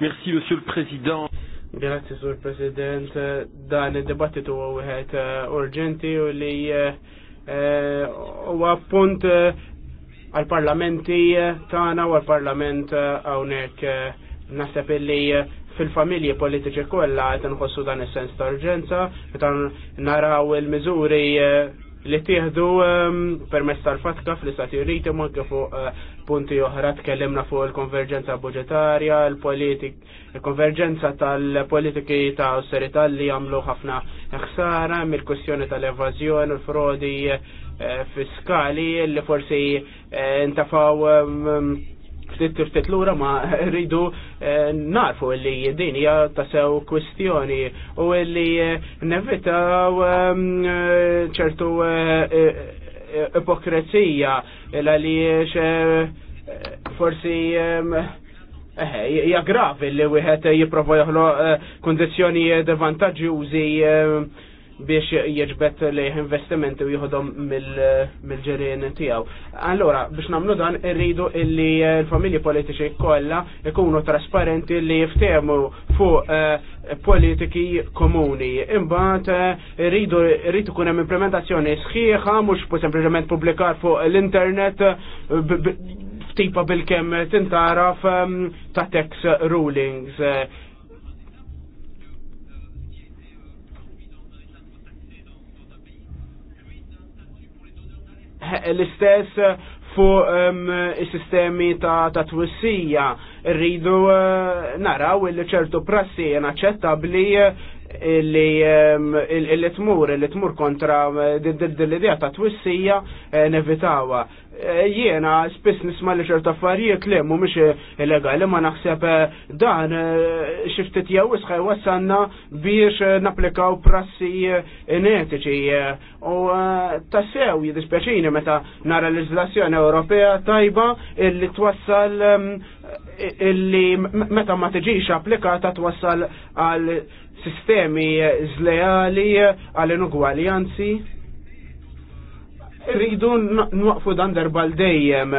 Merci, Monsieur le Président. Grazie, Sur President. Dan id-debattitu huwa wieħed eh, urġenti u li eh, Eh, u appunt eh, għal-parlamenti eh, tana u għal-parlament għawnek nasab illi fil-familji politiċi kollha qed nħossu dan is-sens ta' urġenza, meta naraw il-miżuri li tieħdu permess tal-fatka fl-Istati Uniti ma anke fuq punti oħra tkellimna fuq il-konverġenza budgetarja, il-konverġenza politik il tal-politiki ta' austerità li jagħmlu ħafna ħsara mill-kwestjoni tal-evażjoni, l-frodi eh, fiskali li forsi intafaw eh, mm, ftit ftit lura ma rridu eh, narfu li din hija tasew kwestjoni u li nevitaw mm, ċertu ipokrezija l-għaliex eh, eh, forsi eh, ja gravi li wieħed jipprova joħloq kundizzjonijiet vantaġġjużi biex jieġbet li investimenti u jihodom mill ġerin tijaw. Allora, biex namlu dan, irridu illi eh, l-familji politiċi kolla ikunu trasparenti li jiftemu fuq eh, politiki komuni. Imbat, rridu eh, irridu kunem implementazzjoni sħiħa, mux pu sempliciment publikar fuq l-internet tipa bil-kem tintaraf ehm, ta' tax rulings l-istess fuq ehm, is-sistemi ta', ta twissija. Rridu eh, naraw li ċertu prassi inaċċettabbli Illi tmur li tmur kontra dil-idea ta' twissija eh, nevitawa. Eh, jiena spiss nisma li ċerta affarijiet li mhumiex illegali ma naħseb eh, dan xiftit jew isħaj wassanna biex napplikaw prassi inetiċi u tassew jiddispjaċini meta nara l-leġislazzjoni Ewropea tajba illi twassal illi meta ma tiġix applikata twassal għal sistemi zlejali għal inugwaljanzi. Rridu nwaqfu dan darba l-dejjem,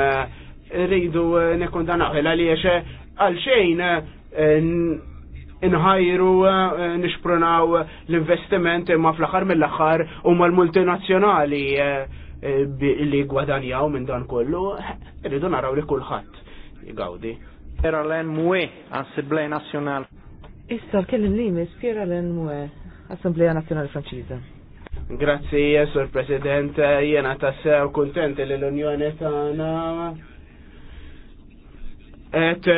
rridu eh, nekun dan għal għaliex eh, għal xejn inħajru, eh, nixpronaw l-investiment imma fl-axar mill-axar u mal-multinazzjonali li gwadanjaw minn dan kollu, rridu naraw li kullħat gawdi. Era l-NMUE, għas-Siblej Nazjonal. Issa kellim li mis Piera Lenmue, Assemblea Nazjonali Franċiża. Grazzi, Sur President, jena tassew kontent li l-Unjoni tagħna et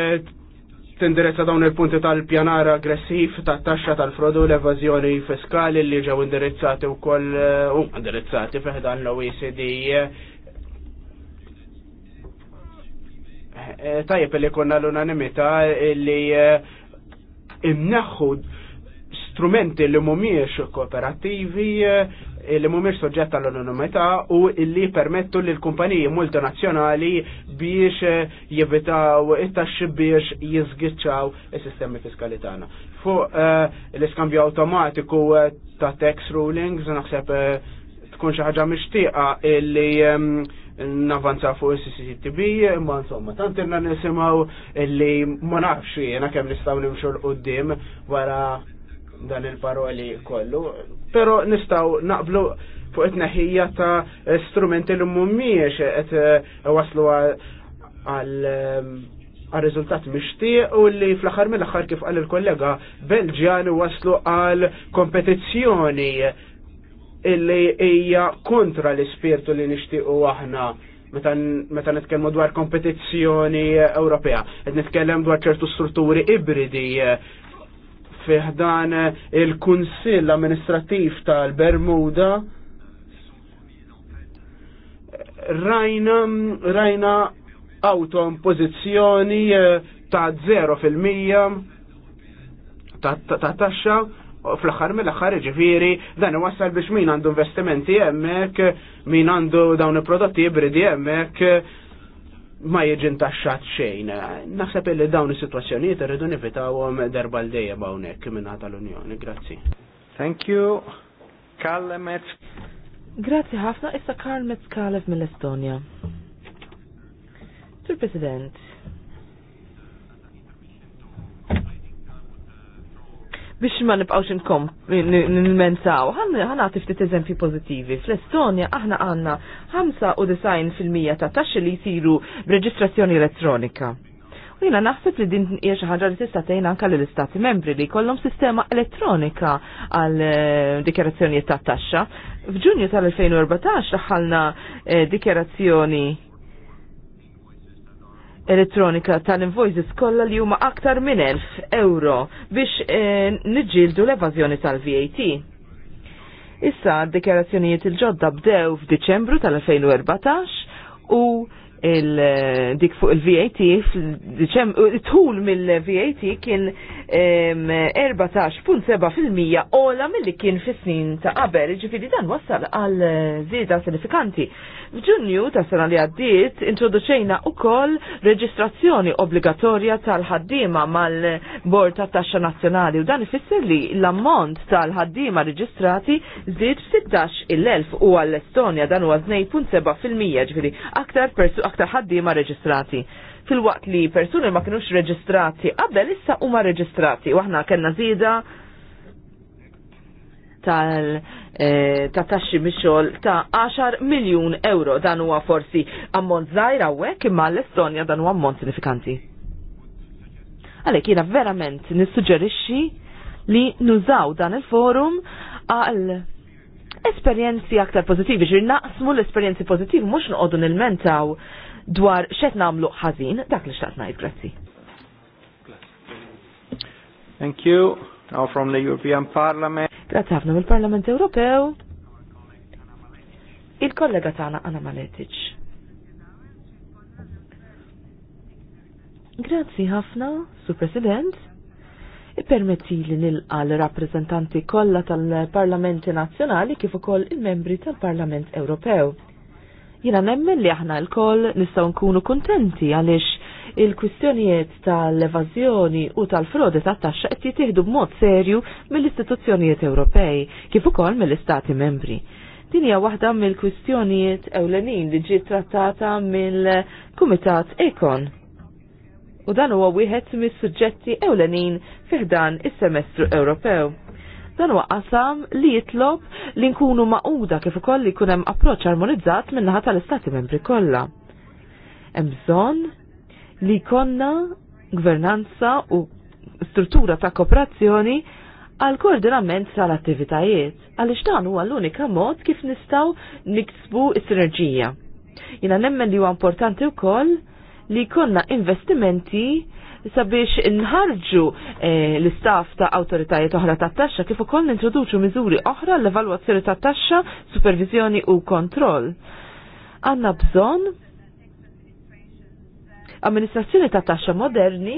tindirizza dawn il-punti tal-pjanar aggressiv ta' taxxa tal-frodu l-evażjoni fiskali li ġew indirizzati wkoll u indirizzati fiħdan l-OECD eh, eh, tajjeb li konna l-unanimità li eh, imneħħu strumenti li mumiex kooperativi, eh, li mumiex soġġetta l-anonimità u li permettu li l-kumpaniji multinazzjonali biex eh, jivitaw it-taxxi biex jizgitċaw il-sistemi fiskali tagħna. Fuq eh, l-iskambju automatiku ta' tax rulings naħseb tkun xi ħaġa mixtieqa li n-avanza fuq il-CCTB, imma insomma, tant irna nisimaw illi ma nafx jena kemm nistgħu nimxu l-qoddim wara dan il-paroli kollu. Pero nistgħu naqblu fuq it-neħija ta' strumenti li mhumiex qed eh, waslu għal għal-rizultat eh, mixtieq u li fl-axar mill-axar kif għal il-kollega Belġjan waslu għal kompetizzjoni illi hija kontra l-ispirtu li nixtiequ aħna meta nitkellmu dwar kompetizzjoni Ewropea. Qed nitkellem dwar ċertu strutturi ibridi eh, fiħdan eh, il-Kunsill Amministrattiv tal-Bermuda rajna rajna autom pożizzjoni eh, ta' 0% ta' taxxa ta fl-axar mill-axar ġifiri dan iwassal biex min għandu investimenti jemmek, min għandu dawn il-prodotti ibridi jemmek, ma jieġin taxxat xejn. Naħseb li dawn is-sitwazzjonijiet irridu nivitawhom darba l dejjem hawnhekk minn l unjoni Grazzi. Thank you. Kallemet. Grazzi ħafna issa Karl Metzkalev mill-Estonja. Sur President, biex ma nibqawx inkom nil-mentaw. Għanna ftit eżempji pozitivi. Fl-Estonja aħna għanna 95% ta' taxxi li jisiru b'reġistrazzjoni elettronika. U jina naħseb li din hija xi ħaġa li tista' tgħin anke lill-istati membri li jkollhom sistema elettronika għal eh, dikjarazzjonijiet ta' taxxa. F'Ġunju tal-2014 daħħalna eh, dikjarazzjoni elettronika tal-invoices kollha li huma aktar minn elf euro biex eh, niġġieldu l-evażjoni tal-VAT. Issa d-dikjarazzjonijiet il-ġodda bdew f'Diċembru tal-2014 u il eh, dik fuq il-VAT it-tul mill-VAT kien 14.7% ola mill-li kien fis-snin ta' qabel, ġifiri dan wassal għal eh, zida sinifikanti. F'Ġunju ta' sena li għaddiet introduċejna koll reġistrazzjoni obbligatorja tal-ħaddiema mal-Bord tat Taxxa Nazzjonali u dan ifisser li l-ammont tal-ħaddiema reġistrati żdiet f'16 il-elf u għall-Estonja dan huwa 2.7% ġifieri aktar persu aktar ħaddiema reġistrati fil-waqt li persuni ma kienux reġistrati qabel issa huma reġistrati u aħna kellna żieda tal Eh, ta' taxxi mixol ta' 10 miljun euro dan huwa forsi ammont żgħir hawnhekk imma l-Estonja dan huwa ammont sinifikanti. Għalhekk jiena verament nissuġġerixxi li nużaw dan il-forum għal esperjenzi aktar pożittivi, ġir naqsmu l-esperjenzi pożittivi mhux noqogħdu nilmentaw dwar xed nagħmlu ħażin, dak li xtaqt ngħid, grazzi. Thank you. Now from the European Parliament. Grazie ħafna mill-Parlament Ewropew. Il-kollega tagħna Anna Maletic. Grazzi ħafna, Sur President. Ippermetti li nilqa l-rappreżentanti kollha tal-Parlamenti Nazzjonali kif ukoll il-membri tal-Parlament Ewropew. Jina nemmen li aħna l-koll nistgħu nkunu kuntenti għaliex il-kwistjonijiet tal-evażjoni u tal-frodi tat-taxxa qed jittieħdu b'mod serju mill-istituzzjonijiet Ewropej kif ukoll mill-Istati membri. Din hija waħda mill-kwistjonijiet ewlenin li ġiet trattata mill-Kumitat Ekon. U dan huwa wieħed mis-suġġetti ewlenin fiħdan is-semestru Ewropew dan huwa qasam li jitlob li nkunu maquda kif ukoll li jkun hemm approċċ armonizzat min-naħa tal-Istati Membri kollha. Hemm bżonn li konna gvernanza u struttura ta' kooperazzjoni għal koordinament tal-attivitajiet, għaliex dan huwa l-unika mod kif nistgħu niksbu s-sinerġija. Jina nemmen li huwa importanti wkoll li konna investimenti sabiex nħarġu eh, l-istaff ta' autoritajiet oħra ta' taxxa kif ukoll nintroduċu miżuri oħra l-evalwazzjoni ta' taxxa, supervizjoni u kontroll. Għanna bżonn amministrazzjoni ta' taxxa moderni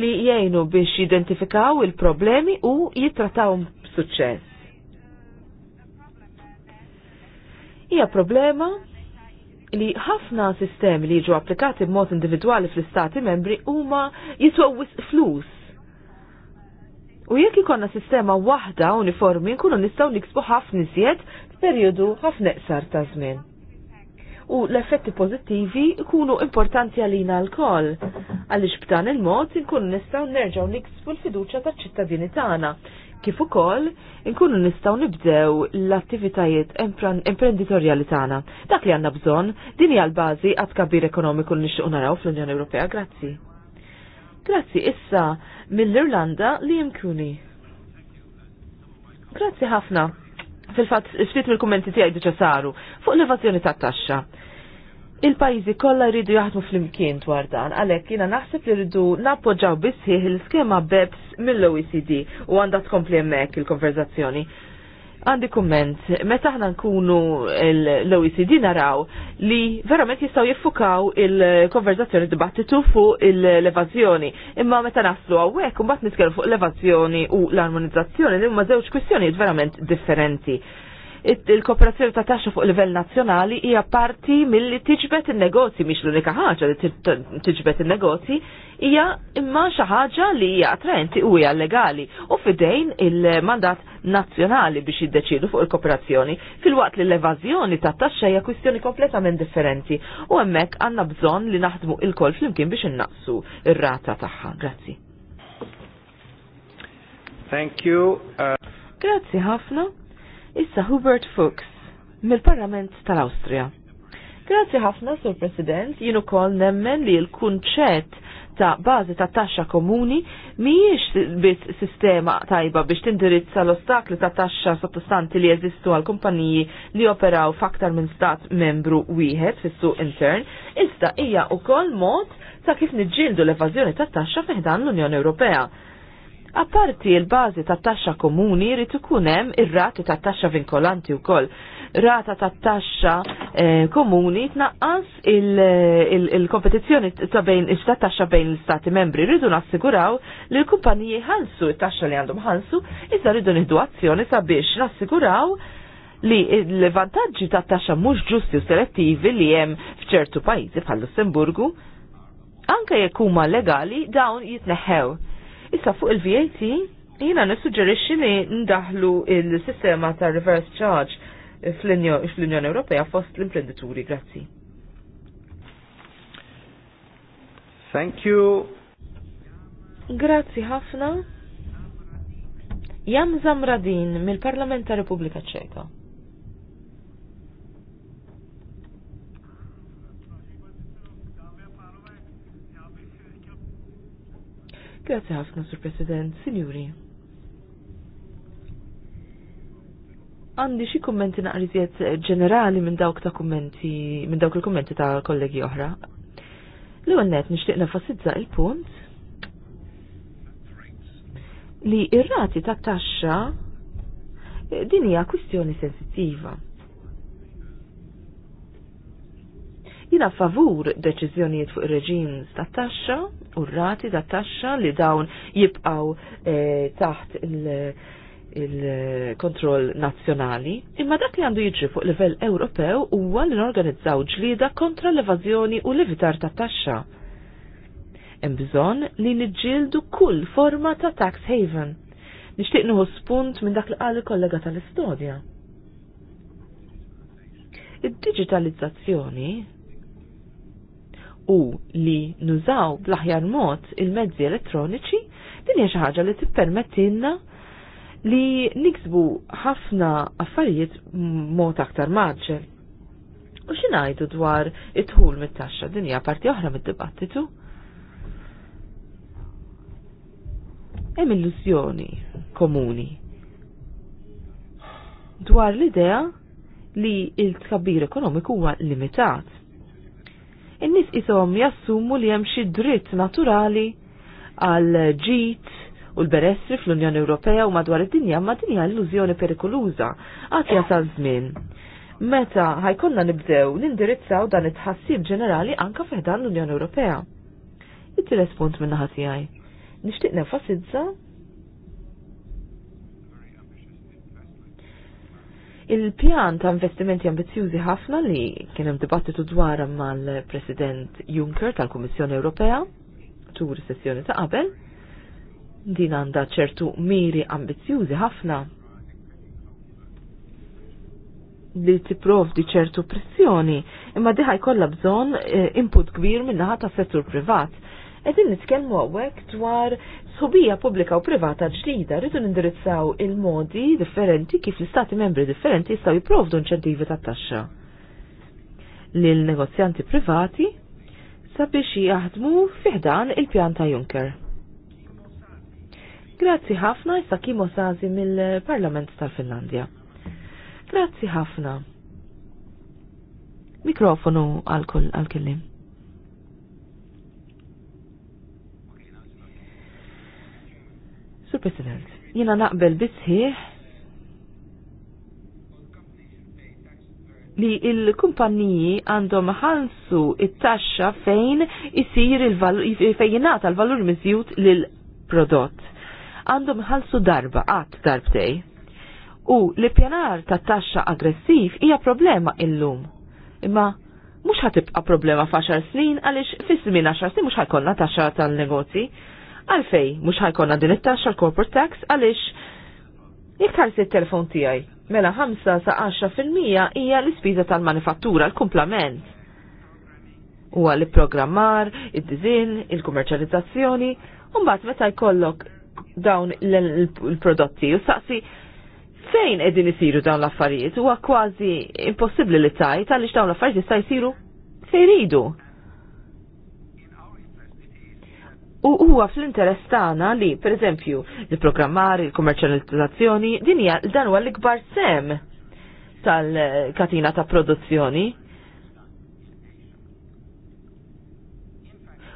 li jgħinu biex jidentifikaw il-problemi u jitratawhom b'suċċess. Hija problema li ħafna sistemi li jiġu applikati b'mod individwali fl-istati membri huma jitwawwis flus. U jekk ikonna sistema waħda uniformi nkunu nistgħu niksbu ħafna iżjed f'perjodu ħafna iqsar ta' żmien u l-effetti pozittivi ikunu importanti għalina l-koll. Għalix b'dan il-mod nkunu nistaw nerġaw niksbu l-fiduċa ta' ċittadini tagħna. Kif ukoll nkunu nistaw nibdew l-attivitajiet imprenditorjali tagħna. Dak li għandna bżonn din hija l-bażi għad kabir ekonomiku li nixtiequ naraw fl-Unjoni Ewropea. Grazzi. Grazzi issa mill-Irlanda li jimkuni. Grazzi ħafna fil-fatt ftit mill kommenti tiegħi diġà saru fuq l-evazzjoni tat-taxxa. Il-pajjiżi kollha jridu jaħdmu flimkien dwar dan, għalhekk jiena naħseb li rridu nappoġġaw bissieħ l-iskema BEPS mill-OECD u għandha tkompli hemmhekk il-konverzazzjoni. Għandi kumment, meta ħna nkunu l-OECD naraw li verament jistaw jiffukaw il-konverzazzjoni dibattitu fuq l levazjoni Imma meta naslu għawek, un bat fuq l-evazjoni u l-armonizzazzjoni li huma żewġ kwistjonijiet verament differenti il-kooperazzjoni ta' taxxa fuq livell nazzjonali hija parti milli tiġbet in-negozji mhix l-unika ħaġa li tiġbet in-negozji hija imma xi ħaġa li hija attraenti u hija legali u fidejn il-mandat nazzjonali biex jiddeċidu fuq il-kooperazzjoni fil-waqt li l-evażjoni ta' taxxa hija kwistjoni kompletament differenti u hemmhekk għandna bżonn li naħdmu il-kol flimkien biex innaqsu ir-rata tagħha. Grazzi. Thank you. Uh... Grazzi ħafna. Issa Hubert Fuchs, mill-Parlament tal-Austria. Grazzi ħafna, Sur President, jien ukoll nemmen li l-kunċett ta' bażi ta' taxxa komuni mhijiex biss sistema tajba biex tindirizza l-ostakli ta' taxxa sottostanti li jeżistu għal kumpaniji li operaw f'aktar minn stat membru wieħed fis-suq intern, iżda hija wkoll mod ta' kif niġġieldu l-evażjoni ta' taxxa fiħdan l-Unjoni Ewropea Apparti l-bażi tat-taxxa komuni jrid ikun hemm ir-rati tat-taxxa vinkolanti wkoll. Rata tat-taxxa eh, komuni tnaqqas il-kompetizzjoni ta' bejn tat-taxxa bejn l-istati membri. Rridu nassiguraw li l-kumpaniji ħansu it-taxxa li għandhom ħansu, iżda rridu nieħdu azzjoni sabiex nassiguraw li l-vantaġġi ta' taxxa mhux ġusti u selettivi li hemm f'ċertu pajjiżi bħal Lussemburgu, anke jekk huma legali dawn jitneħħew. Issa fuq il-VAT, jina nissuġġerixxi li ndaħlu il-sistema ta' reverse charge fl-Unjoni Ewropea fost l-imprenditori. Grazzi. Thank you. Grazzi ħafna. Jam Zamradin mill-Parlament ta' Repubblika Ċeka. Grazie ħafna, Sur President, Sinjuri. Għandi xi kummenti naqriżiet ġenerali minn dawk ta' kommenti, minn dawk il-kummenti ta' kollegi oħra. L-ewwel nishtiq nixtieq nefasizza il-punt li irrati rati ta' taxxa eh, din hija kwistjoni sensittiva. Jina favur deċiżjonijiet fuq reġim ta' taxxa u rati ta' taxxa li dawn jibqaw e, taħt il-kontroll il nazzjonali, imma dak li għandu jiġri fuq livell Ewropew huwa li norganizzaw ġlieda kontra l-evażjoni u l-evitar ta' taxxa. Hemm bżonn li niġġieldu kull forma ta' tax haven. Nixtieq nieħu spunt minn dak li qal il-kollega tal istodja Id-digitalizzazzjoni u li nużaw bl-aħjar mod il-mezzi elettroniċi, din hija xi ħaġa li tippermettilna li niksbu ħafna affarijiet mod aktar maġġel. U xi ngħidu dwar it-tħul mit-taxxa din hija parti oħra mid-dibattitu? Hemm illużjoni komuni dwar l-idea li il-tkabbir ekonomiku huwa limitat in-nies isom jassumu li hemm xi dritt naturali għal ġit u l-beressri fl-Unjoni Ewropea u madwar id-dinja ma din hija illużjoni perikoluża għad jasal żmien. Meta ħajkonna nibdew nindirizzaw dan it-tħassib ġenerali anka fiħdan l-Unjoni Ewropea. Itti respont minna ħatijaj. Nishtiq nefasizza Il-pjan ta' investimenti ambizjużi ħafna li kien hemm dibattitu dwar mal-President Juncker tal-Kummissjoni Ewropea tur sessjoni ta' qabel din għandha ċertu miri ambizjużi ħafna li tipprovdi ċertu pressjoni, imma diħaj kollha bżonn eh, input kbir min-naħa ta' settur privat. Edin nitkellmu għawek dwar sħubija pubblika u privata ġdida rridu nindirizzaw il-modi differenti kif l-istati membri differenti jistaw jiprovdu inċentivi ta' taxxa lil negozjanti privati sabiex jaħdmu fiħdan il-pjan ta' Juncker. Grazzi ħafna issa kimo sazi mill-Parlament tal-Finlandja. Grazzi ħafna. Mikrofonu għal-kellim. Sur President, jina naqbel bisħiħ li il-kumpanniji għandhom ħansu it-taxxa fejn isir il-fejjinata l-valur miżjut lil-prodott. Għandhom ħansu darba, għat darbtej. U l-pjanar ta' taxxa aggressiv hija problema illum. Imma mhux ħatibqa' problema f'għaxar snin għaliex fis-żmien għaxar snin mhux ħajkollna taxxa tal-negozji. Għalfej, mux ħajkonna din it-taxxa l-corporate tax għalix iktar se telefon tijaj. Mela 5 sa 10% fil-mija hija l-ispiża tal-manifattura, l-kumplament. U għal programmar id-dizin, il-kummerċalizzazzjoni, un-bat meta jkollok dawn l-prodotti u saqsi fejn edin isiru dawn l-affarijiet huwa kważi impossibbli li tajt għaliex dawn l-affarijiet jista' jsiru fejridu. U huwa fl-interess tagħna li, pereżempju, il-programmar, il-kommerċjalizzazzjoni, din hija dan huwa l-ikbar sem tal-katina ta' produzzjoni.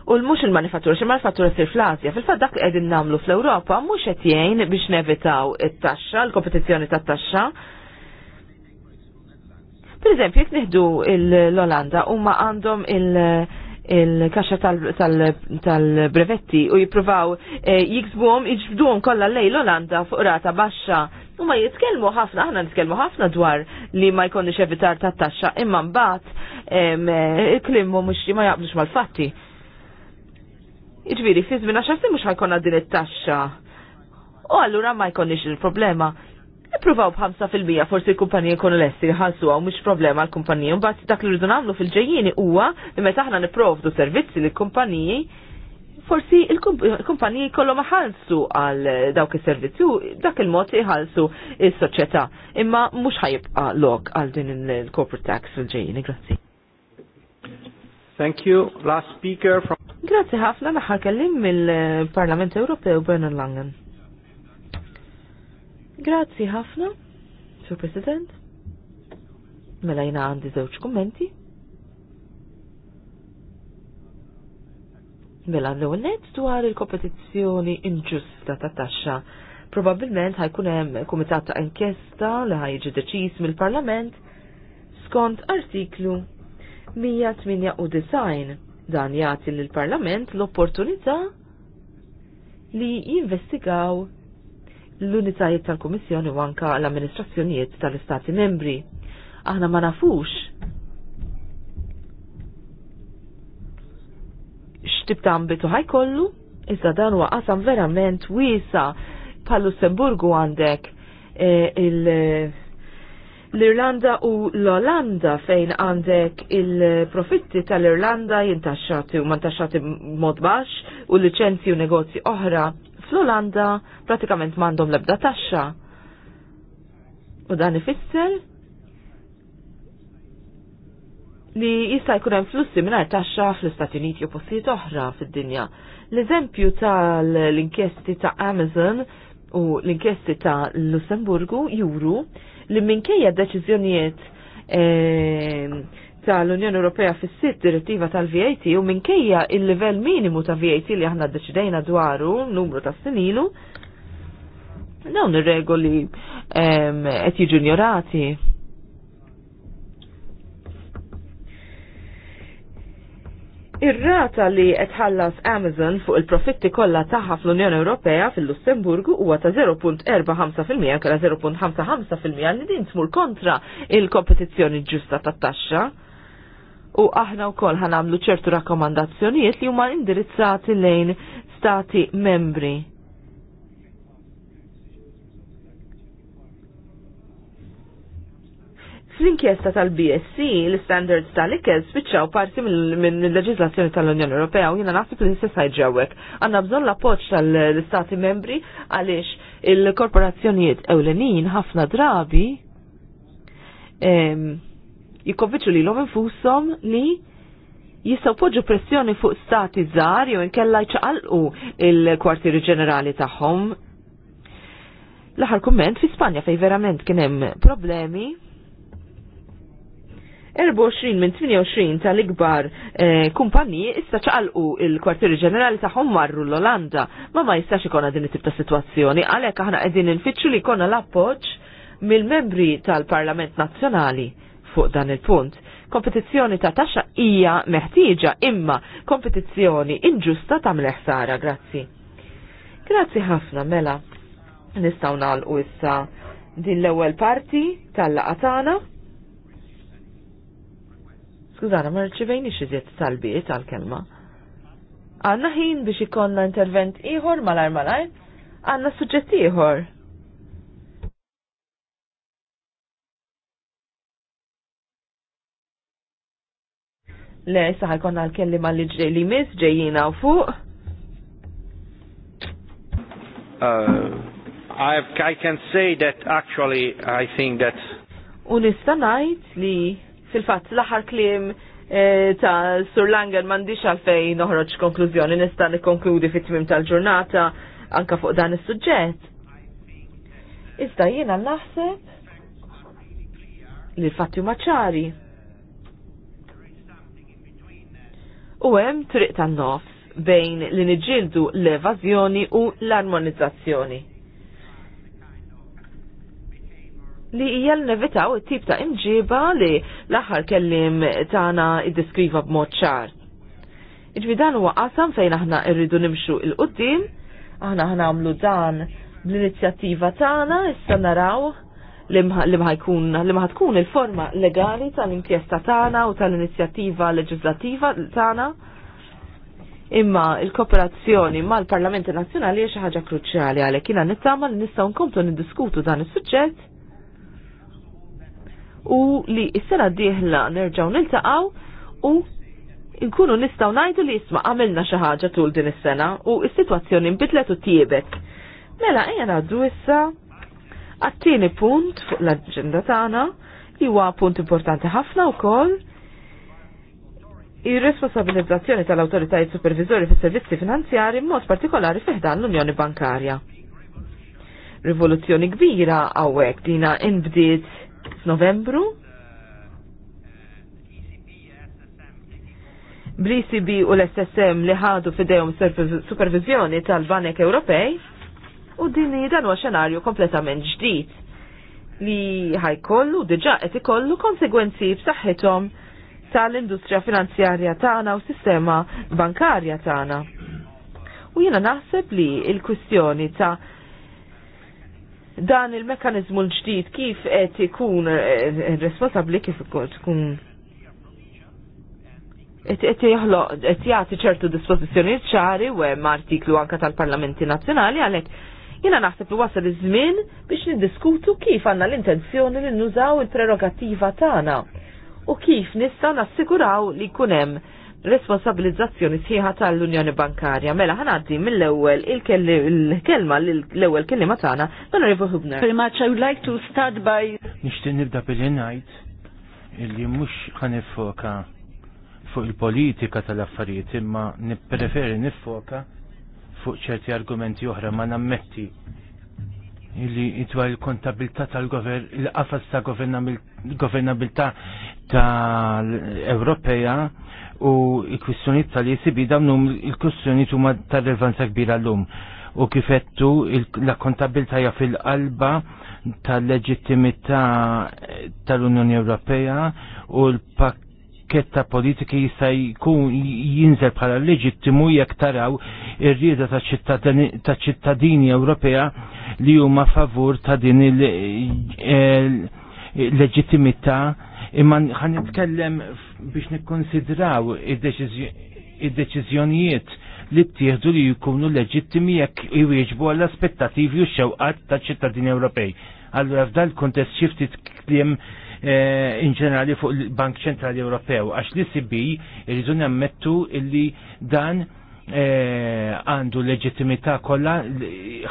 U l-mux il-manifattura, xie manifattura sir fl-Azja, fil-fat dak edin namlu fl-Europa, mux etjen biex nevitaw il-taxxa, l-kompetizjoni ta' taxxa. Per eżempju, jek nihdu l-Olanda, u ma għandhom il- il-kaxxa tal-brevetti u jipruvaw eh, jiksbuħom iġbduħom kollha lej l-Olanda fuq rata baxxa. U ma jitkellmu ħafna, aħna nitkellmu ħafna dwar li ma jkunniex evitar ta' taxxa imma mbagħad eh, klimmu mhux ma jaqblux mal-fatti. Iġbiri, fi żmien għaxar mhux ħajkonna din it-taxxa. U allura ma jkunniex il-problema Ipruvaw b'5% forsi l-kumpanija jkunu lesti ħassu għaw mux problema l-kumpanija, mbagħad dak li rridu nagħmlu fil-ġejjieni huwa li meta aħna nipprovdu servizzi lill kumpaniji forsi l kumpaniji kollhom ħalsu għal dawk is-servizzi u dak il-mod iħallsu s soċjetà imma mhux ħajibqa' lok għal din il-corporate tax fil-ġejjieni. Grazzi. Thank you. Last speaker from Grazie ħafna l kellim mill-Parlament Ewropew Bernard Langen. Grazzi ħafna, Sur President. Mela jina għandi żewġ kummenti. Mela l-ewwel nett dwar il-kompetizzjoni inġusta ta' taxxa. Probabilment ħajkun hemm kumitat ta' inkjesta li ħajġi deċiż mill-Parlament skont artiklu 198 dan jagħti lill-Parlament l-opportunità li jinvestigaw l-unitajiet tal-Komissjoni u anka l-amministrazzjonijiet tal-Istati membri. Aħna ma nafux x'tib ta' ambitu kollu, iżda dan huwa qasam verament wiesa bħal Lussemburgu għandek e, il- l-Irlanda u l-Olanda fejn għandek il-profitti tal-Irlanda jintaxxati u mantaxxati mod baxx u licenzji u negozji oħra fl-Olanda pratikament m'għandhom l-ebda taxxa. U dan ifisser li jista' jkun hemm flussi mingħajr taxxa fl-Istati Uniti u postijiet oħra fid-dinja. L-eżempju tal-inkjesti ta' Amazon u l-inkjesti ta' Lussemburgu juru li minkejja deċiżjonijiet eh, tal-Unjoni Ewropea fis-sitt direttiva tal-VAT u minkejja il-livell minimu ta' VAT li aħna deċidejna dwaru numru ta' sinilu, dawn ir-regoli qed jiġu ignorati. Ir-rata li qed ħallas Amazon fuq il-profitti kollha tagħha fl-Unjoni Ewropea fil-Lussemburgu huwa ta' 0.45% kera 0.55% li din tmur kontra il-kompetizzjoni ġusta tat-taxxa u aħna wkoll ħanamlu ċertu rakkomandazzjonijiet li huma indirizzati lejn stati membri. Fl-inkjesta tal-BSC, l-standards tal-ikel spiċċaw parti minn leġislazzjoni tal-Unjoni Ewropea u jina naħseb li s ġewek. Għanna bżon l-appoċ tal istati membri għaliex il-korporazzjonijiet ewlenin ħafna drabi jikkonvinċu li l-om infusom li jistaw poġu pressjoni fuq stati żgħar jew inkella jċaqalqu il kwartiri ġenerali tagħhom. L-aħħar kumment fi Spanja fej verament kien hemm problemi 24 minn 28 tal-ikbar eh, issa ċaqalqu il kwartiri ġenerali tagħhom marru l-Olanda, ma ma jistax ikona din it-tip ta' sitwazzjoni għalhekk aħna qegħdin infittxu li jkollna l-appoġġ mill-membri tal-Parlament Nazzjonali fuq dan il-punt. Kompetizzjoni ta' taxxa hija meħtieġa imma kompetizzjoni inġusta tagħmel mleħsara, grazzi. Grazzi ħafna mela. Nistgħu nagħlqu issa din l-ewwel parti tal-laqa tagħna. Skużana, ma rċivejni iżjed tal-biet għal-kelma. Għanna ħin biex ikonna intervent iħor mal, malar, għanna suġġett iħor. Le, saħ konna l-kelli ma li mis ġejjina u fuq. Uh, I can say that actually I think that U nistanajt li fil-fatt l-aħħar klim eh, ta' Sur Langer mandiċ għalfej noħroġ konklużjoni nista' nikkonkludi fit-tmim tal-ġurnata anka fuq dan is-suġġett. Iżda jiena naħseb li l-fatti maċari. ċari u hemm triq tan-nofs bejn li niġġieldu l-evażjoni u l-armonizzazzjoni. Li hija nevitaw it-tip ta' imġiba li l-aħħar kellim tagħna iddeskriva b'mod ċar. Iġbi dan huwa qasam fejn aħna rridu nimxu il-qudiem, aħna aħna għamlu dan bl-inizjattiva tagħna issa naraw li ħajkun li ma tkun il-forma legali tal-inkjesta tagħna u tal-inizjattiva leġislattiva tagħna. Imma il-kooperazzjoni mal-Parlamenti Nazzjonali hija xi ħaġa kruċjali għalhekk jiena nittama li nistgħu nkomtu niddiskutu dan is-suġġett u li s-sena diħla nerġaw nerġgħu niltaqgħu u nkunu nistgħu ngħidu li jisma' għamilna xi ħaġa tul din is-sena u s-sitwazzjoni nbidlet u tiebet. Mela ejja ngħaddu issa Għattini punt fuq l-agenda tagħna huwa punt importanti ħafna wkoll ir-responsabilizzazzjoni tal-awtoritajiet supervizori fis-servizzi finanzjari mod partikolari fiħdan l-Unjoni Bankarja. Rivoluzzjoni kbira hawnhekk dina inbdiet f'Novembru bl-ECB u l-SSM li ħadu fidejhom supervizjoni tal-Banek Ewropej U din dan huwa xenarju kompletament ġdid li ħajkollu diġa qed ikollu konsegwenzi b'saħħithom tal-industrija finanzjarja tagħna u sistema bankarja tagħna. U jiena naħseb li il-kwistjoni ta' dan il mekkaniżmu l-ġdid kif qed ikun eh, responsabbli kif tkun qed jaħloq qed jagħti ċertu dispożizzjonijiet ċari u hemm artiklu anke tal-Parlamenti Nazzjonali għalhekk jina naħseb li wasal iż-żmien biex niddiskutu kif għandna l-intenzjoni li nużaw il-prerogattiva tagħna u kif nista' nassiguraw li jkun hemm responsabilizzazzjoni sħiħa tal-Unjoni Bankarja. Mela ħanaddi mill-ewwel il-kelma l-ewwel kelliema tagħna dan onorevol Hubner. Very much I would like to start by Nixtieq nibda billi ngħid illi mhux ħanifoka fuq il-politika tal-affarijiet imma nippreferi nifoka fuq ċerti argumenti oħra ma nammetti li dwar il-kontabilità tal-govern, il-qafas ta' governabilità tal-Ewropea u il-kwistjoniet tal-ECB dawn il-kwistjoniet huma ta' rilevanza kbira l-lum u kifettu l kontabilta ja fil-qalba tal-leġittimità tal-Unjoni Ewropea u l-pak pakketta politiki jista' jkun jinżel bħala leġittimu jekk taraw ir-rieda ta' ċittadini Ewropea li huma favur ta' din il-leġittimità eh, imma ħan nitkellem biex nikkonsidraw id-deċiżjonijiet li ttieħdu li jkunu leġittimi jekk iwieġbu għall-aspettativi u x-xewqat ta' ċittadini Ewropej. Allura f'dal kontest xifti tkliem Eh, in ġenerali fuq il-Bank Ċentrali Ewropew għax li sibi irridu nammettu illi dan eh, għandu leġittimità kollha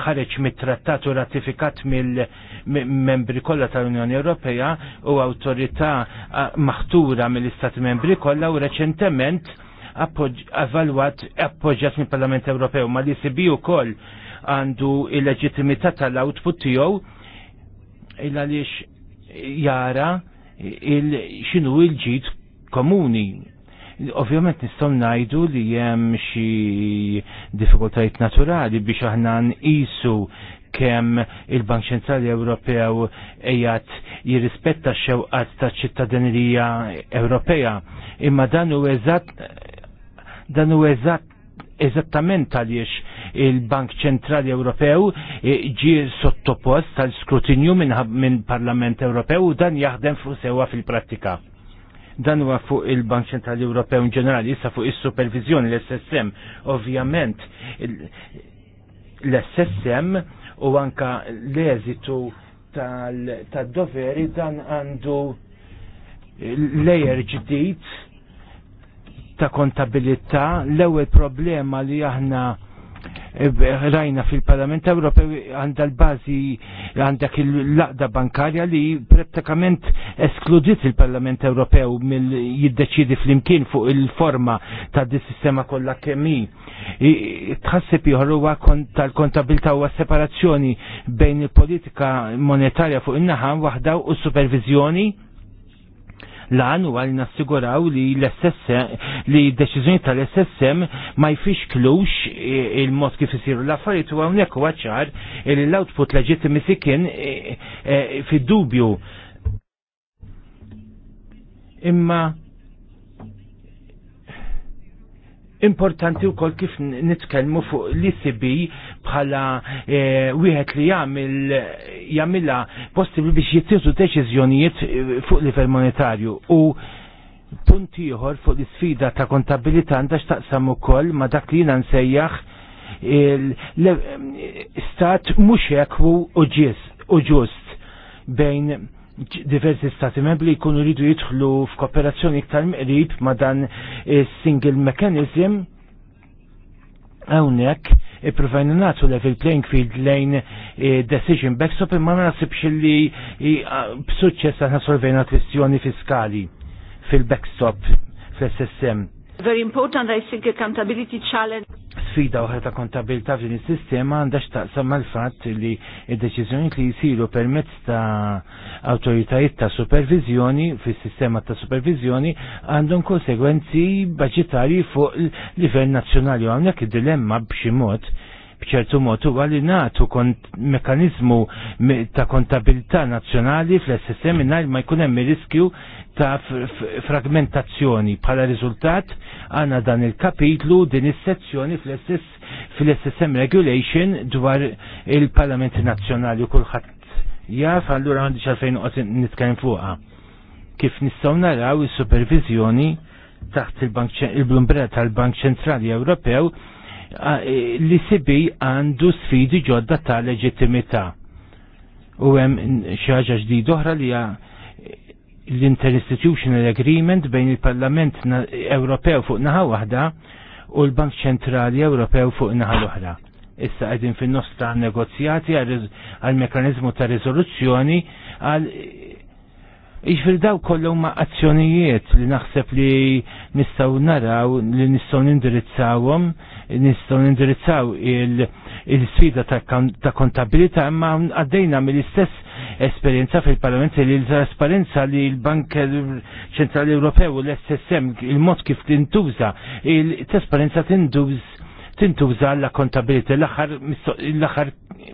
ħareġ mit-trattat u ratifikat mill-membri kollha tal-Unjoni Ewropea u awtorità maħtura mill-Istati membri kollha u reċentement avalwat appoġġjat mill-Parlament Ewropew ma li sibi wkoll għandu il-leġittimità tal-output tiegħu il għaliex jara xinu il-ġid komuni. Ovvjament nistgħu ngħidu li hemm xi difikultajt naturali biex aħna nqisu kemm il-Bank Ċentrali Ewropew ejat jirrispetta x-xewqat ta' ċittadinerija Ewropea. Imma dan u eżatt dan u eżatt eżattament għaliex il-Bank Ċentrali Ewropew e, ġi sottopost tal-skrutinju minn Parlament Ewropew u dan jaħdem fuq sewa fil-prattika dan huwa fuq il-Bank Ċentrali Ewropew in ġenerali, issa fuq is-supervizjoni l-SSM. Ovvjament l-SSM u anka l-eżitu tad doveri dan għandu lejer ġdid ta' kontabilità l-ewwel problema li aħna eh, rajna fil-Parlament Ewropew għandha l-bażi għandak il-laqda bankarja li prattikament eskludit il-Parlament Ewropew mill jiddeċidi fl-imkien fuq il-forma ta' di sistema kollha kemmi. Tħasseb jħorruwa tal-kontabilta u separazzjoni bejn il-politika monetarja fuq in-naħa waħda u supervizjoni l-għan u għal nassiguraw li l-SSM li deċizjoni tal-SSM ma klux il-mod kif isiru l-affarijiet u hawnhekk huwa ċar li l-output leġittimisi kien e, e, fid-dubju. Imma importanti wkoll kif nitkellmu fuq li sibi bħala eh, wieħed li jagħmel jagħmilha possibbli biex jittieħdu deċiżjonijiet eh, fuq livell monetarju u punt ieħor fuq l-isfida ta' kontabilità għandha x'taqsam ukoll ma' dak li jiena nsejjaħ stat mhux ekwu u ġis u ġust bejn diversi stati membri jkunu rridu jidħlu f'kooperazzjoni iktar miqrib ma dan single mechanism hawnhekk ipprovajna nagħtu level playing field lejn eh, decision backstop imma ma nasibx li b'suċċess aħna solvejna kwistjoni fiskali fil-backstop fl-SSM. Very important, I think, accountability challenge. Sfida uħra ta' kontabilità f'din is-sistema għandha x'taqsam mal-fatt li d-deċiżjoni li jsiru permezz ta' awtoritajiet ta' supervizjoni fis-sistema ta' supervizjoni għandhom konsegwenzi baġitarji fuq livell nazzjonali u hawnhekk id-dilemma b'xi mod bċertu mod huwa li nagħtu mekanizmu ta' kontabilità nazzjonali fl sistemi ngħid ma jkun hemm riskju ta' fragmentazzjoni. Bħala riżultat għandna dan il-kapitlu din is-sezzjoni fl-SSM Regulation dwar il-Parlamenti Nazzjonali u kulħadd jaf allura għandi xalfejn qed nitkellem fuqha. Kif nistgħu naraw is-supervizjoni taħt il-blumbrella tal-Bank Ċentrali Ewropew e, li sibi għandu sfidi ġodda ta' leġittimità. U hemm xi ħaġa ġdid oħra li l-Interinstitutional Agreement bejn il-Parlament Ewropew fuq naħa waħda u l-Bank Ċentrali Ewropew fuq naħa l-oħra. Issa qegħdin fin-nofs ta' negozjati għal mekanizmu ta' riżoluzzjoni għal Iġfir daw kollu ma' azzjonijiet li naħseb li nistaw naraw, li nistaw nindirizzawhom, nistaw nindirizzaw il- il-sfida ta' kontabilità imma għaddejna mill-istess esperienza fil-Parlament li l-trasparenza li l-Bank Ċentrali Ewropew u l-SSM il-mod kif tintuża, il-trasparenza tintuż tintuża la kontabilità l-aħħar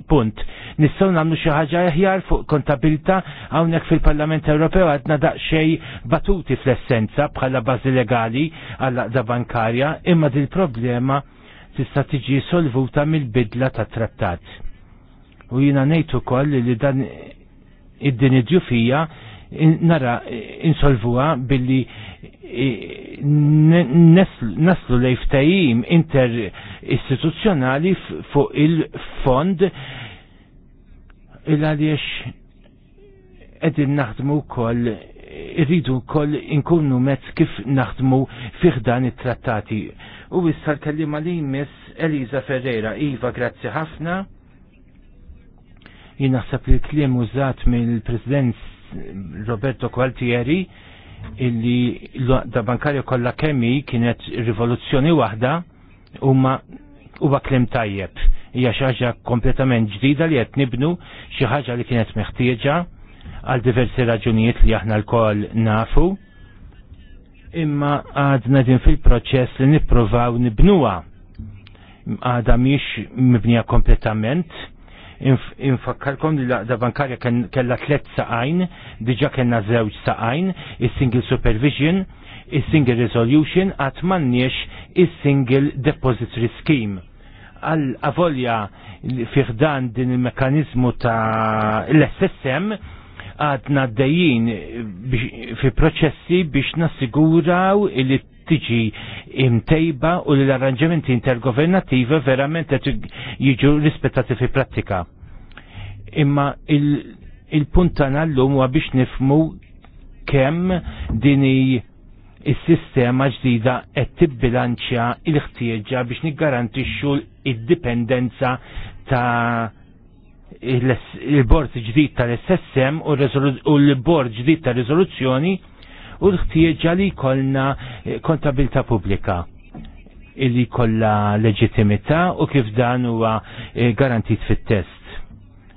punt. Nistgħu nagħmlu xi ħaġa aħjar fuq kontabilità hawnhekk fil-Parlament Ewropew għadna daqsxejn batuti fl-essenza bħala bażi legali għall-aqda bankarja imma din il problema tista' tiġi solvuta mill-bidla ta' trattat. U jina ngħid ukoll li dan id-din id djufija nara insolvuha billi naslu lej ftajim inter-istituzzjonali fuq il-fond il-għaliex edin naħdmu kol irridu kol inkunu mezz kif naħdmu fiħdan it-trattati U issa l-kellima li miss Eliza Ferreira. Iva, grazzi ħafna. Jien naħseb li l-kliem użat mill-President Roberto Gualtieri illi l-għadda bankarja kollha kemmi kienet rivoluzzjoni waħda huma huwa klim tajjeb. Hija xi ħaġa kompletament ġdida li qed nibnu xi ħaġa li kienet meħtieġa għal diversi raġunijiet li aħna lkoll nafu imma għadna din fil-proċess li nipprovaw nibnuwa. Għada miex mibnija kompletament, infakkarkom li l-da bankarja kella tlet saqajn, diġa kena zewġ saqajn, il-single supervision, il-single resolution, għat manniex il-single depository scheme. Għal avolja fiħdan din il-mekanizmu ta' l-SSM, għadna d-dajin fi proċessi biex nassiguraw li tiġi imtejba u li l-arranġamenti intergovernativa verament qed jiġu rispettati fi prattika. Imma il-punt il tagħna llum huwa biex nifmu kemm din il sistema ġdida qed tibbilanċja l-ħtieġa biex niggarantixxu id-dipendenza ta' il-bord ġdid tal-SSM u l-bord ġdid tal-rizoluzzjoni u l-ħtieġa li kolna eh, kontabilta pubblika illi kolla leġitimità u kif dan huwa eh, garantit fit-test.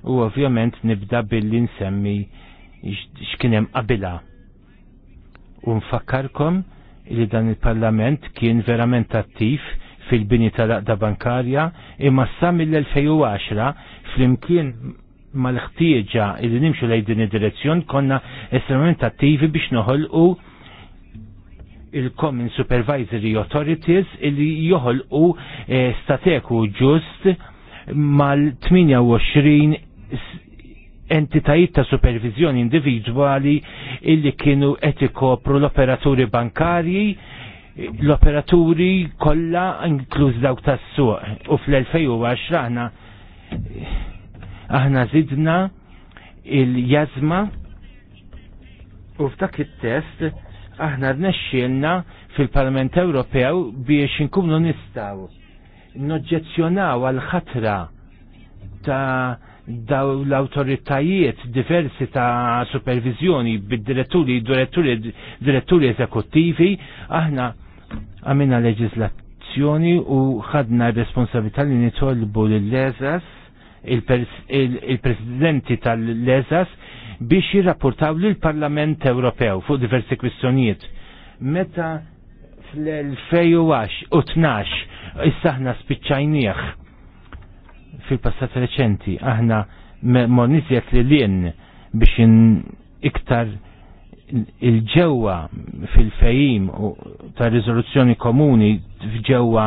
U ovvjament nibda billi nsemmi x'kienem qabila. U nfakkarkom li dan il-Parlament kien verament attiv fil-bini tal-aqda bankarja imma sa mill-2010 flimkien mal-ħtieġa li nimxu lejn din id-direzzjon konna estremament attivi biex noħolqu il-Common Supervisory Authorities illi joħolqu eh, stateku ġust mal-28 entitajiet ta' supervizjoni individwali illi kienu qed pro l-operaturi bankarji l-operaturi kollha inkluż dawk tas-suq u fl-2010 aħna zidna il-jazma u f'dak it-test aħna rnexxielna fil-Parlament Ewropew biex inkunu nistaw noġġezzjonaw għal ħatra ta' daw l-autoritajiet diversi ta' supervizjoni bid-diretturi, diretturi, diretturi eżekuttivi, aħna għamina leġislazzjoni u ħadna responsabilità li nitolbu l-leżas il-presidenti tal-lezas biex jirrapportaw lill parlament Ewropew fuq diversi kwistjonijiet. Meta fl-2012 issa aħna spiċċajnieħ fil-passat reċenti aħna monizjet li lien biex iktar il-ġewwa fil-fejim ta' riżoluzzjoni komuni ġewwa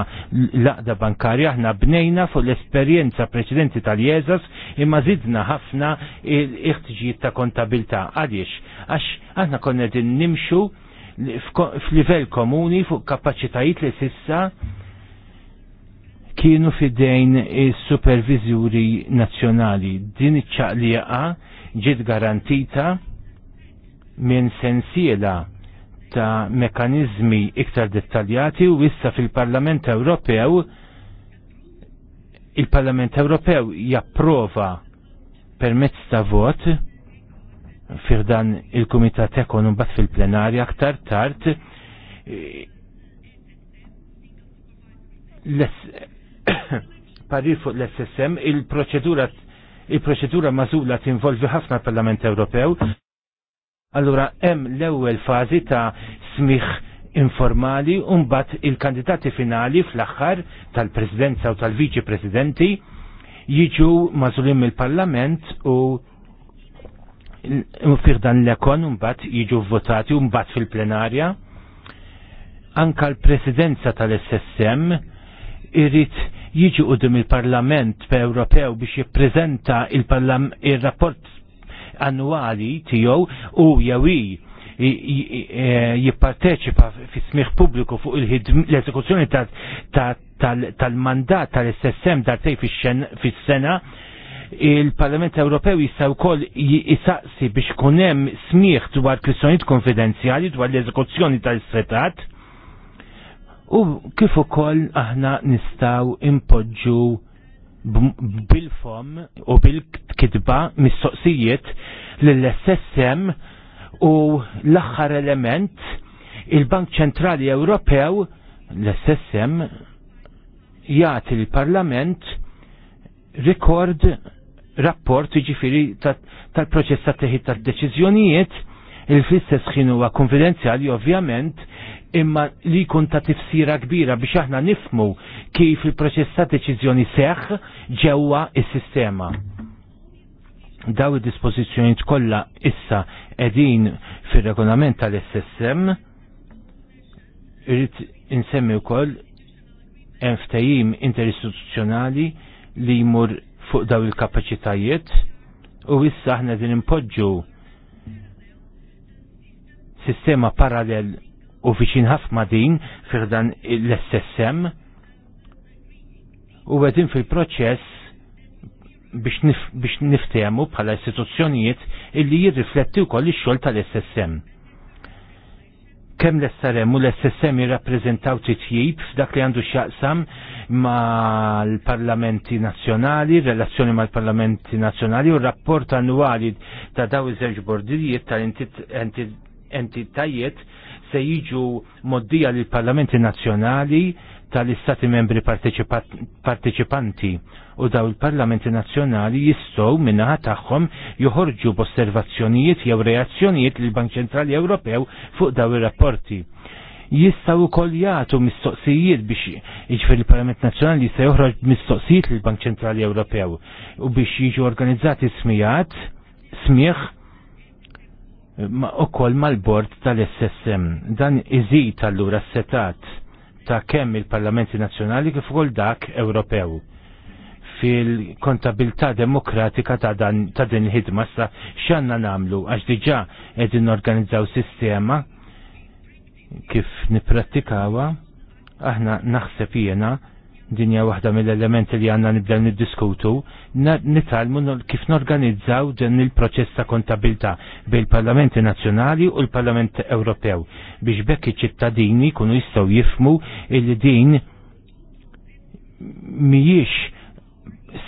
l-aqda bankarja aħna bnejna fuq l-esperjenza preċedenti tal-jeżas imma zidna ħafna l-iħtiġijiet ta' kontabilta' għaliex għax aħna konna din nimxu f'livell komuni fuq kapaċitajiet li sissa kienu fidejn il supervizjuri nazzjonali. Din iċ-ċaqliqa ġiet garantita minn sensiela ta' mekanizmi iktar dettaljati u issa fil-Parlament Ewropew il-Parlament Ewropew japprova permezz ta' vot fir dan il-Kumitat Ekon bat fil-plenarja aktar tard parir fuq l-SSM il-proċedura il-proċedura mażula tinvolvi ħafna il parlament Ewropew Allura hemm l-ewwel fażi ta' smiħ informali u mbagħad il-kandidati finali fl-aħħar tal-Presidenza u tal-Viċi Presidenti jiġu mażulim il-Parlament u fih dan l-ekon mbagħad jiġu votati u mbagħad fil-plenarja. Anka l-Presidenza tal-SSM irrid jiġi qudiem il-Parlament Ewropew biex jippreżenta il-rapport annwali tiegħu u jawi e, jipparteċipa fi smiħ pubbliku fuq l-eżekuzzjoni tal-mandat tal-SSM dartej fis-sena il-Parlament Ewropew jista' wkoll jisaqsi biex kun hemm smieħ dwar kwistjonijiet konfidenzjali dwar l-eżekuzzjoni tal setat u kif ukoll aħna nistgħu impoġġu bil-fom u bil-kitba mis-soqsijiet l-SSM u l-axħar element il-Bank Ċentrali Ewropew l-SSM jagħti l-Parlament rekord rapport ġifiri tal-proċess ta' teħi tad-deċiżjonijiet il-fl-istess ħin konfidenzjali ovvjament imma li kun ta' tifsira kbira biex aħna nifmu kif il-proċess ta' deċiżjoni seħ ġewwa is-sistema. Daw id-dispożizzjonijiet kollha issa qegħdin fir-regolament tal-SSM irrid insemmi wkoll koll enftajim interistituzjonali li jmur fuq daw il-kapaċitajiet u issa aħna din impoġġu sistema parallel u viċin ħafna din firdan l-SSM u għedin fil-proċess biex, nif, biex niftemu bħala istituzzjonijiet illi jirrifletti wkoll ix-xogħol tal-SSM. Kemm l-SRM u l-SSM jirrappreżentaw titjib f'dak li għandu x'jaqsam mal-parlamenti nazzjonali, relazzjoni mal-parlamenti nazzjonali u rapport annwali ta' daw iż-żewġ bordijiet tal-entitajiet se jiġu moddija lill parlamenti nazzjonali tal-istati membri parteċipanti u daw il-parlamenti nazzjonali jistgħu minnaħa tagħhom joħorġu b'osservazzjonijiet jew reazzjonijiet lill bank Ċentrali Ewropew fuq daw ir-rapporti. Jistgħu wkoll jagħtu mistoqsijiet biex jiġifieri il-Parlament Nazzjonali jista' joħroġ mistoqsijiet lill bank Ċentrali Ewropew u biex jiġu organizzati smijat smieħ ma ukoll mal-bord tal-SSM. Dan iżid allura setat ta' kemm il-Parlamenti Nazzjonali kif ukoll dak Ewropew fil-kontabilità demokratika ta' dan ta' din il-ħidma sa x'għandna nagħmlu għax diġà qegħdin organizzaw sistema kif nipprattikawa aħna naħseb jiena dinja waħda mill-elementi li għanna nibda niddiskutu, nitalmu kif norganizzaw dan il-proċess ta' kontabilta bil-Parlamenti Nazzjonali u l-Parlament Ewropew biex bekk iċ-ċittadini kunu jistgħu jifmu il din mhijiex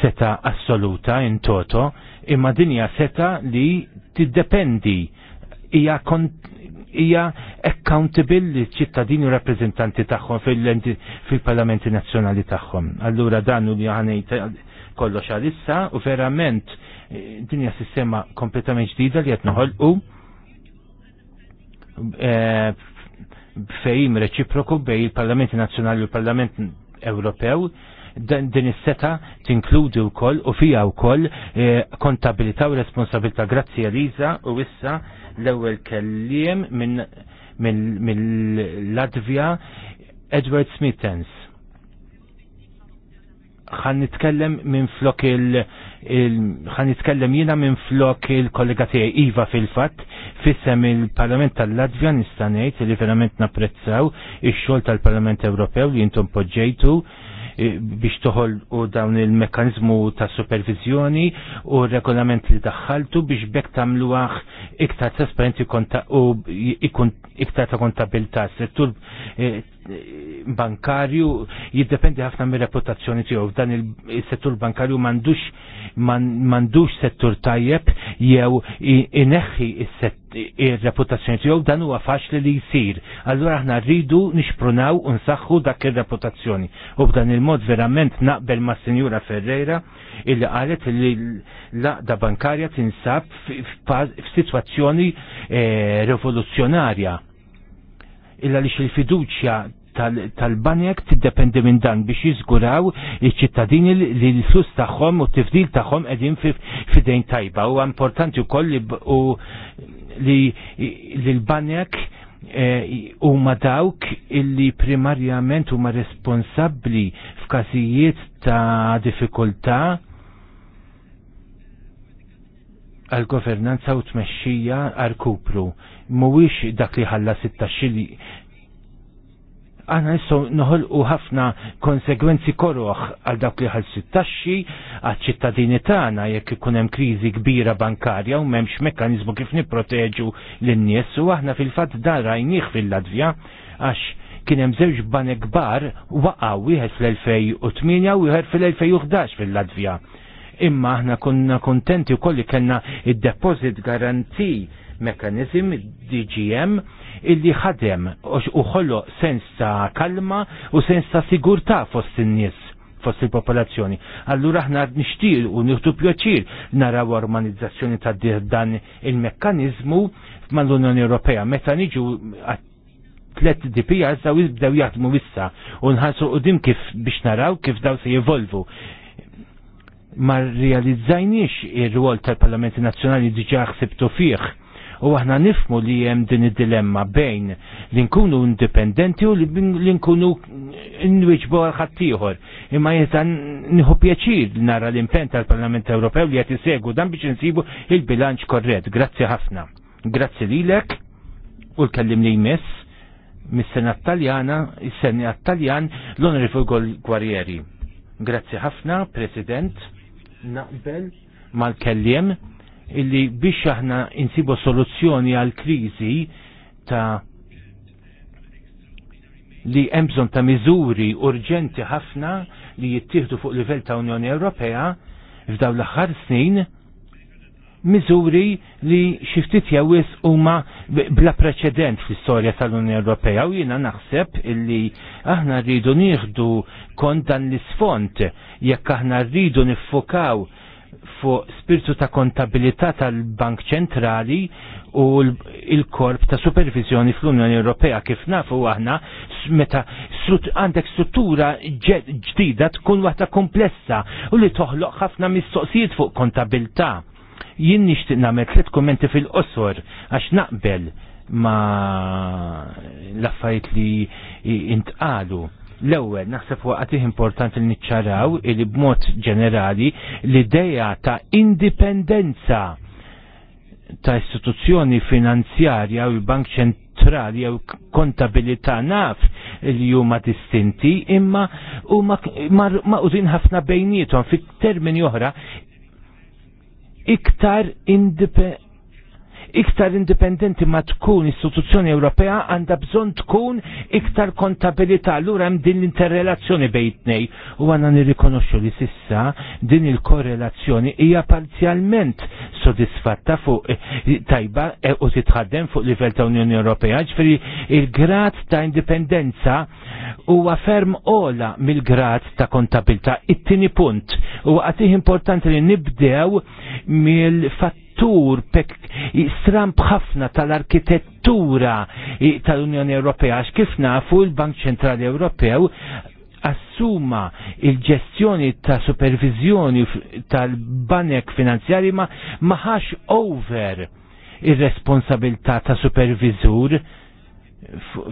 seta assoluta in toto, imma dinja seta li tiddependi hija hija accountability ċittadini u rappreżentanti tagħhom fil-parlamenti nazzjonali tagħhom. Allura dan u li ħanejt kollox għalissa u verament eh, dinja sistema kompletament ġdida li qed noħolqu eh, fejm reċiproku bej il-Parlamenti Nazzjonali u l-Parlament Ewropew din is-seta tinkludi wkoll u fija wkoll eh, kontabilità u responsabilità. Grazzi Eliza u issa l-ewwel kelliem mill-Latvja Edward Smithens. Għan nitkellem minn flok il- Għan nitkellem jiena minn flok il-kollega tiegħi Iva fil-fatt fissem il-Parlament tal-Latvja nista' ngħid li verament napprezzaw ix-xogħol tal-Parlament Ewropew li jintom poġġejtu biex toħol u dawn il-mekanizmu ta' supervizjoni u regolament li daħħaltu biex bekk tamluħ iktar trasparenti u iktar ta' kontabilta' settur eh, bankarju jiddependi ħafna mir reputazzjoni tiegħu f'dan il-settur bankarju m'għandux m'għandux settur tajjeb jew ineħħi ir-reputazzjoni tiegħu dan huwa faċli li jsir. Allura aħna rridu nixprunaw u nsaħħu dak ir-reputazzjoni. U b'dan il-mod verament naqbel ma' Sinjura Ferreira illi qalet li l-laqda bankarja tinsab f'sitwazzjoni eh, rivoluzzjonarja illa li il-fiduċja tal-banjek tiddependi minn dan biex jiżguraw iċ-ċittadini li l-flus tagħhom u t-tifdil tagħhom qegħdin fidejn tajba. Huwa importanti wkoll li l-banjek eh, huma dawk illi primarjament huma responsabbli f'każijiet ta' difikulta għal governanza u tmexxija għal kupru mhuwiex dak li ħalla sitta xili. Għana jissu noħol u ħafna konsegwenzi korroħ għal dak li ħal sittaxxi għal ċittadini tagħna jekk ikun hemm kriżi kbira bankarja u m'hemmx mekkaniżmu kif nipproteġu lin-nies u aħna fil-fatt darra rajnih fil-Latvja għax kien hemm żewġ banek kbar waqaw wieħed fl-2008 u wieħed fil-2011 fil-Latvja. Imma aħna konna kontenti wkoll li kellna id-deposit garanti mekanizm DGM illi ħadem u ħollo sens ta' kalma u sens ta' sigurtà fost in-nies fost il-popolazzjoni. Allura aħna nixtir u nieħdu pjoċir naraw armonizzazzjoni ta' dan il-mekkanizmu mal-Unjoni Ewropea. Meta niġu tlet DPR daw jibdew jaħdmu issa u nħassu qudiem kif biex naraw kif daw se jevolvu. Ma realizzajniex ir-rwol tal-Parlamenti Nazzjonali diġà ħsibtu fih U aħna nifmu li hemm din id-dilemma bejn li nkunu indipendenti u li nkunu nwiġbu għal ħaddieħor. Imma jeta nħu pjaċir nara l-impen tal-Parlament Ewropew li qed isegu dan biex insibu il-bilanċ korrett. Grazzi ħafna. Grazzi lilek u l-kellim li jmiss mis sena taljana, is sena taljan l-onorevol Guerrieri. Grazzi ħafna, President, naqbel mal-kelliem illi biex aħna insibu soluzzjoni għal kriżi ta' li hemm ta' miżuri urġenti ħafna li jittieħdu fuq livell ta' Unjoni Ewropea f'dawn l-aħħar snin miżuri li xiftit jawis huma bla preċedent fl-istorja tal-Unjoni Ewropea u jiena naħseb illi aħna rridu nieħdu kont dan l-isfont jekk aħna rridu niffokaw fuq spirtu ta' kontabilità tal-Bank Ċentrali u il-korp ta' supervizjoni fl-Unjoni Ewropea kif nafu aħna meta għandek struttura ġdida tkun waħda komplessa u li toħloq ħafna mistoqsijiet fuq kontabilità. Jien nixtieq nagħmel tliet kummenti fil-qosor għax naqbel ma l-affarijiet li intqalu L-ewwel naħseb waqgħet importanti li niċċaraw li b'mod ġenerali l-idea ta' indipendenza ta' istituzzjoni finanzjarja u l-Bank ċentrali jew kontabilità naf li huma distinti imma huma maqudin ħafna bejnietom fit termini oħra iktar indipendenti iktar indipendenti ma tkun istituzzjoni Ewropea għandha bżonn tkun iktar kontabilità allura hemm din l-interrelazzjoni bejtnej u għanna nirrikonoxxu li sissa din il-korrelazzjoni hija parzjalment sodisfatta fuq eh, tajba eh, u titħaddem fuq livell ta' Unjoni Ewropea ġifieri il-grad ta' indipendenza huwa ferm ola mill-grad ta' kontabilità. It-tieni punt huwa għatih importanti li nibdew mill-fatt pek stramp ħafna tal-arkitettura tal-Unjoni Ewropea għax kif nafu l-Bank Ċentrali Ewropew assuma il-ġestjoni ta' supervizjoni tal-banek finanzjari ma maħax over il-responsabilità ta' supervizur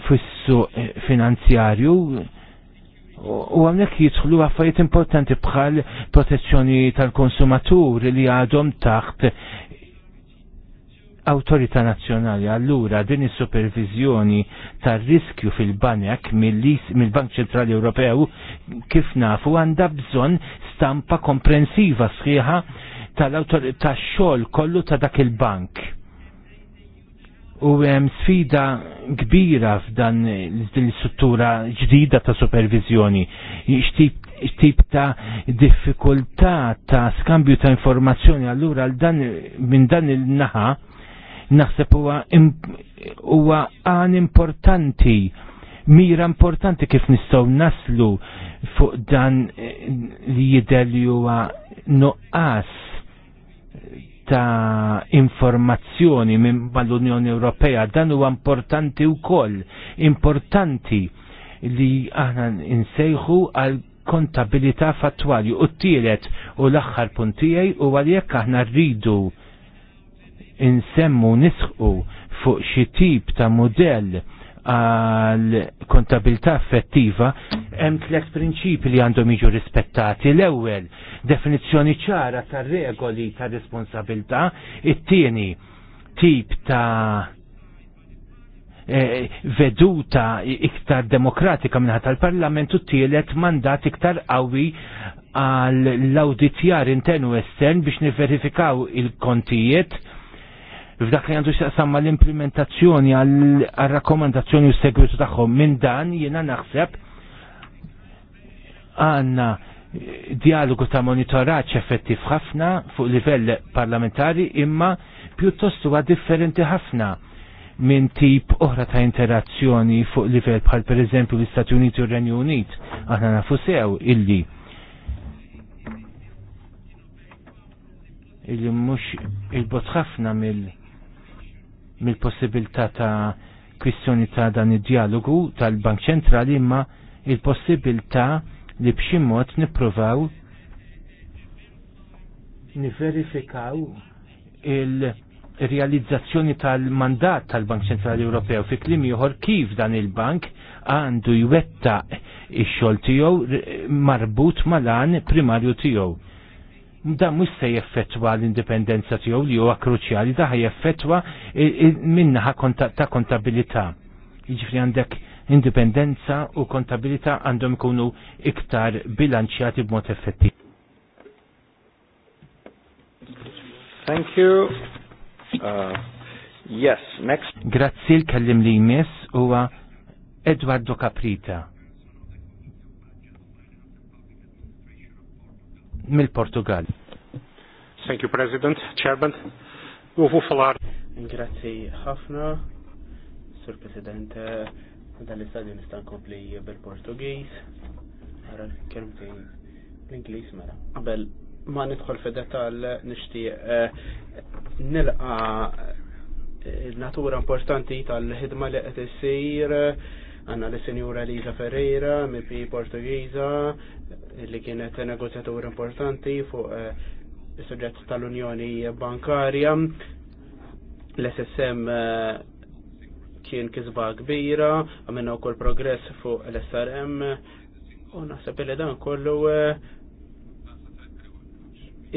fissu finanzjarju u għamnek jitħlu għaffariet importanti bħal protezzjoni tal-konsumatur li għadhom taħt awtorità nazzjonali allura din is-supervizjoni tar-riskju fil-banek mill-Bank Ċentrali Ewropew kif nafu għandha bżonn stampa komprensiva sħiħa tal autorita xogħol kollu ta' dak il-bank. U hemm sfida kbira f'dan l-struttura ġdida ta' supervizjoni. x'tip ta' diffikultà ta' skambju ta' informazzjoni allura minn dan il-naħa naħseb huwa huwa għan importanti mira importanti kif nistgħu naslu fuq dan eh, li jidher li huwa nuqqas ta' informazzjoni minn mal-Unjoni Ewropea dan huwa importanti wkoll importanti li aħna insejħu għal kontabilità fattwali u t-tielet u l-aħħar puntijaj u għal jekk aħna rridu insemmu nisħu fuq xi tip ta' modell għal kontabilità effettiva hemm tliet prinċipi li għandhom jiġu rispettati. L-ewwel definizzjoni ċara tar regoli ta' responsabilità, it-tieni tip ta' eh, veduta iktar demokratika minnaħat tal-parlament u tielet mandat iktar qawwi għall-auditjar intern u estern biex niverifikaw il-kontijiet f'dak li għandu xaqsam l-implementazzjoni għal-rakkomandazzjoni u s segwitu tagħhom minn dan jiena naħseb għanna dialogu ta' monitoraċ effettiv ħafna fuq livell parlamentari imma pjuttost huwa differenti ħafna minn tip oħra ta' interazzjoni fuq livell bħal per eżempju l-Istati Uniti u r-Renju Unit. Aħna nafu sew illi illi mhux il-bot ħafna mill- mill-possibilità ta' kwistjoni ta' dan id-dialogu tal-Bank Ċentrali imma il-possibilità li b'xi mod nippruvaw niverifikaw il-realizzazzjoni tal-mandat tal-Bank Ċentrali Ewropew fi klim ieħor kif dan il-bank għandu jwetta ix-xogħol tiegħu marbut mal-għan primarju tiegħu da mhux se jeffettwa l-indipendenza tiegħu li huwa kruċjali da jeffetwa jeffettwa minnaħa ta' kontabilità. Jiġifieri għandek indipendenza u kontabilità għandhom ikunu iktar bilanċjati b'mod effettiv. Thank you. Uh, yes, next. Grazzi l-kellim li jmiss huwa Edwardo Caprita. mill-Portugal. Thank you, President. Chairman, ufu falar. Grazie, Hafna, Sur President, dal-istadju nistan kompli bil-Portugis, għara kelmti l-Inglis mela. Għabel, ma nidħol fid nishti nixtieq eh, nilqa eh, natura importanti tal-ħidma li qed issir għanna l-Senjura Liza Ferreira, MP Portugiza, li kienet negozjatur importanti fuq eh, is-suġġett tal-Unjoni Bankarja. L-SSM eh, kien kisba kbira, għamilna wkoll progress fuq l-SRM u naħseb li dan kollu eh,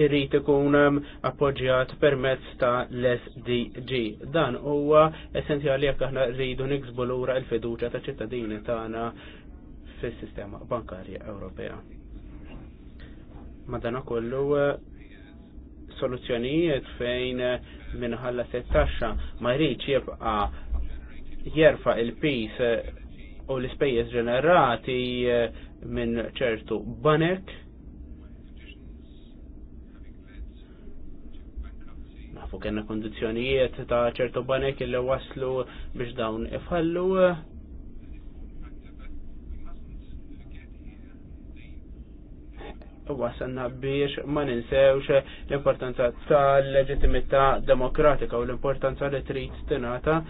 irrit ikun appoġġjat permezz ta' l-SDG. Dan huwa essenzjali jekk aħna rridu niksbu lura l-fiduċja ta' ċittadini tagħna fis-sistema bankarja Ewropea madana kollu eh, soluzzjonijiet fejn minħalla taxxa ma jridx jibqa jerfa il-pis eh, u l-ispejjeż ġenerati eh, minn ċertu banek nafu kena kondizjonijiet ta' ċertu banek li waslu biex dawn ifallu wasanna biex ma ninsewx l-importanza tal-leġitimità demokratika u l-importanza li trid tingħata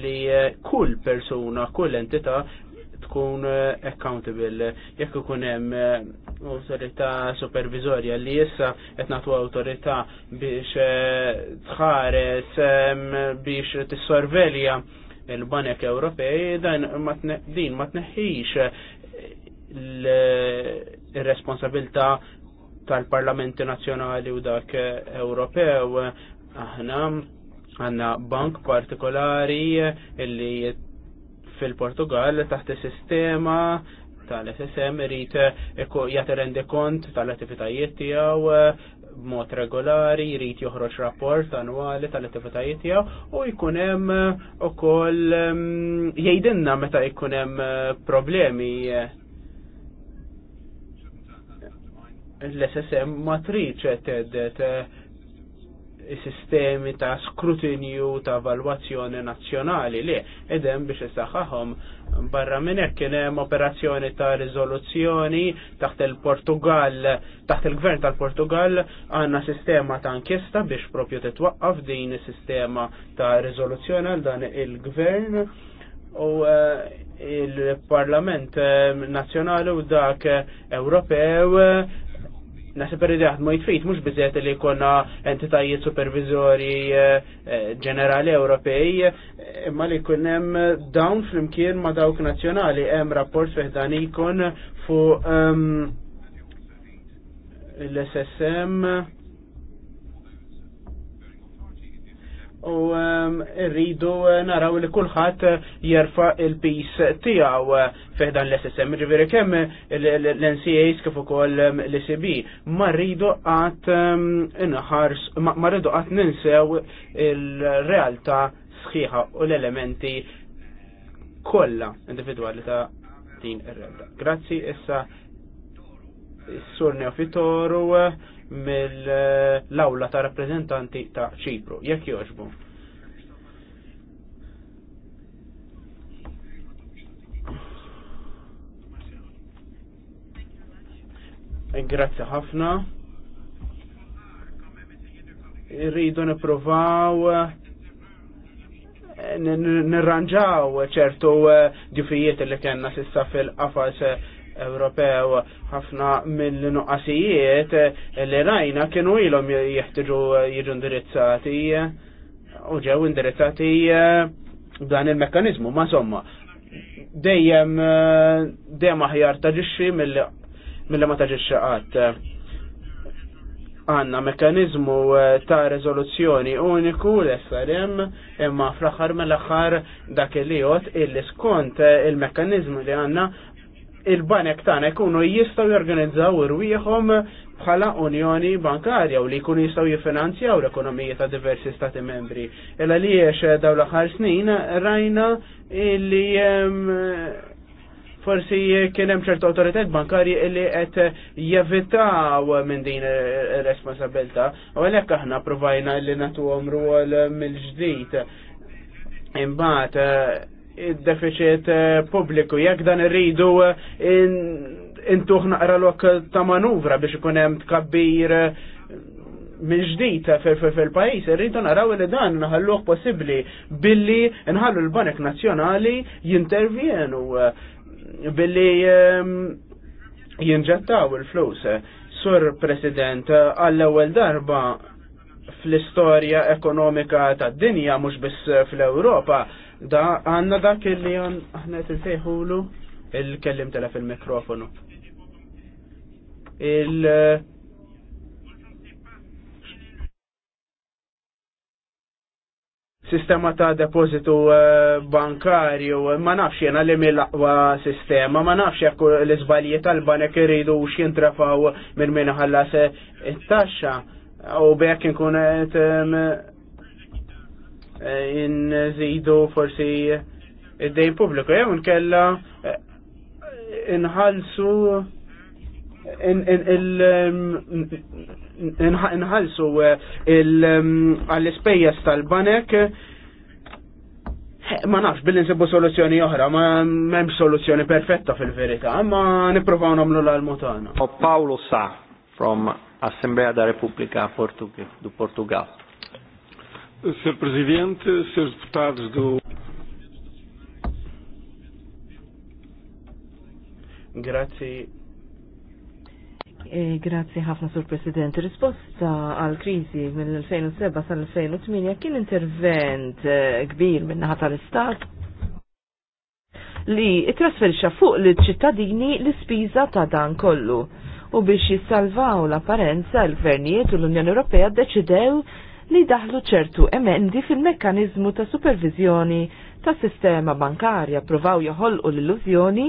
li kull persuna, kull entità tkun accountable. Jekk ikun hemm awtorità supervisorja li issa qed nagħtu awtorità biex tħares biex tissorvelja il-Banek Ewropej, dan din ma tneħħix ir-responsabilta tal-Parlamenti Nazzjonali u dak Ewropew aħna għanna bank partikolari illi fil-Portugal taħt is-sistema tal-SSM irid jagħti rendi kont tal-attivitajiet tiegħu b'mod regolari, jrid joħroġ rapport annwali tal-attivitajiet tiegħu u jkun hemm ukoll mm, jgħidilna meta jkun hemm problemi l-SSM matriċe eh, tedet eh, sistemi ta' skrutinju ta' valwazzjoni nazzjonali li edem biex isaħħahom barra minn hekk kien hemm operazzjoni ta' Rizoluzzjoni taħt il-Portugal taħt il-gvern tal-Portugal għandna sistema ta' inkjesta biex propju titwaqqaf din is-sistema ta' riżoluzzjoni għal dan il-gvern u eh, il-Parlament Nazzjonali u dak Ewropew Nasib per id ma jitfit, mux bizzet li konna entitajiet supervizori eh, eh, ġenerali Ewropej, eh, imma li kunem dawn fl-imkien ma dawk nazjonali, hemm rapport fiħdan ikon fu ehm, l-SSM u um, rridu uh, naraw li kulħadd uh, jerfa il-pis tiegħu uh, fiħdan l-SSM, ġifieri kemm l-NCAs kif ukoll um, l icb Ma rridu qatt um, inħars, ma rridu qatt ninsew il-realtà sħiħa u l-elementi kollha individwali ta' din ir-realtà. Grazzi issa s-sur Neofitoru mill-awla ta' rappresentanti ta' ċipru, jekk joġbu. Grazie ħafna. Irridu nipprovaw nirranġaw ċertu ġufijiet li kena sissa fil-qafas Ewropew ħafna mill-nuqqasijiet li rajna kienu ilhom jeħtiġu jiġu indirizzati u ġew indirizzati dan il-mekkanizmu ma somma dejjem dejjem aħjar taġixxi mill ma taġixxi qatt. Għanna mekkanizmu ta' rezoluzzjoni uniku l-SRM imma fl-axar mill-axar dak li jgħot illi skont il-mekkanizmu li għanna il-banek tana jkunu jistgħu jorganizzaw irwieħhom bħala unjoni bankarja u li jkunu jistgħu jifinanzjaw l-ekonomija ta' diversi stati membri. Illa li jiex daw l-aħħar snin rajna li forsi kien hemm ċertu awtoritet bankarji li qed jevitaw minn din ir-responsabilità. U għalhekk aħna provajna li nagħtuhom għal mill-ġdid. Imbagħad id-deficit eh, pubbliku. Jekk dan irridu eh, intuħ naqra lok ta' manuvra biex ikun hemm tkabbir eh, minn ġdid fil-pajis, irridu naraw li dan naħalluh possibbli billi nħallu l-Banek Nazzjonali jintervjenu billi jinġettaw il-flus. Sur President, għall-ewwel darba fl-istorja ekonomika tad-dinja mhux biss fl-Ewropa, Da għanna dak li għanna t-sejħulu il-kellim tela fil-mikrofonu. Il- sistema ta' depositu eh, bankarju, ma nafx jena li mill-aqwa sistema, ma nafx jekk l-izbalji tal-banek u x'jintrafaw minn minn ħallas it-taxxa u bekk nkun Zidu eh, forsi id-dej publiku, jew nkella inħallsu inħallsu għall-ispejjeż tal-banek eh, ma nafx billi nsibu soluzzjoni oħra, ma memx soluzzjoni perfetta fil-verità, ma niprofaw namlu l-almutana. Paolo Sa, from Assemblea da Repubblica Portug du Portugal. Sr. Presidente, Srs. Deputados do. Grazie. E, grazie ħafna sur President. Risposta għal krizi mill-2007 sal-2008 kien intervent eh, kbir naħat tal-Istat li trasferixa fuq li ċittadini l-ispiża ta' dan kollu. U biex jissalvaw l-apparenza, l-gvernijiet u l-Unjoni Ewropea deċidew li daħlu ċertu emendi fil-mekkanizmu ta' supervizjoni ta' sistema bankarja provaw joħolqu l-illużjoni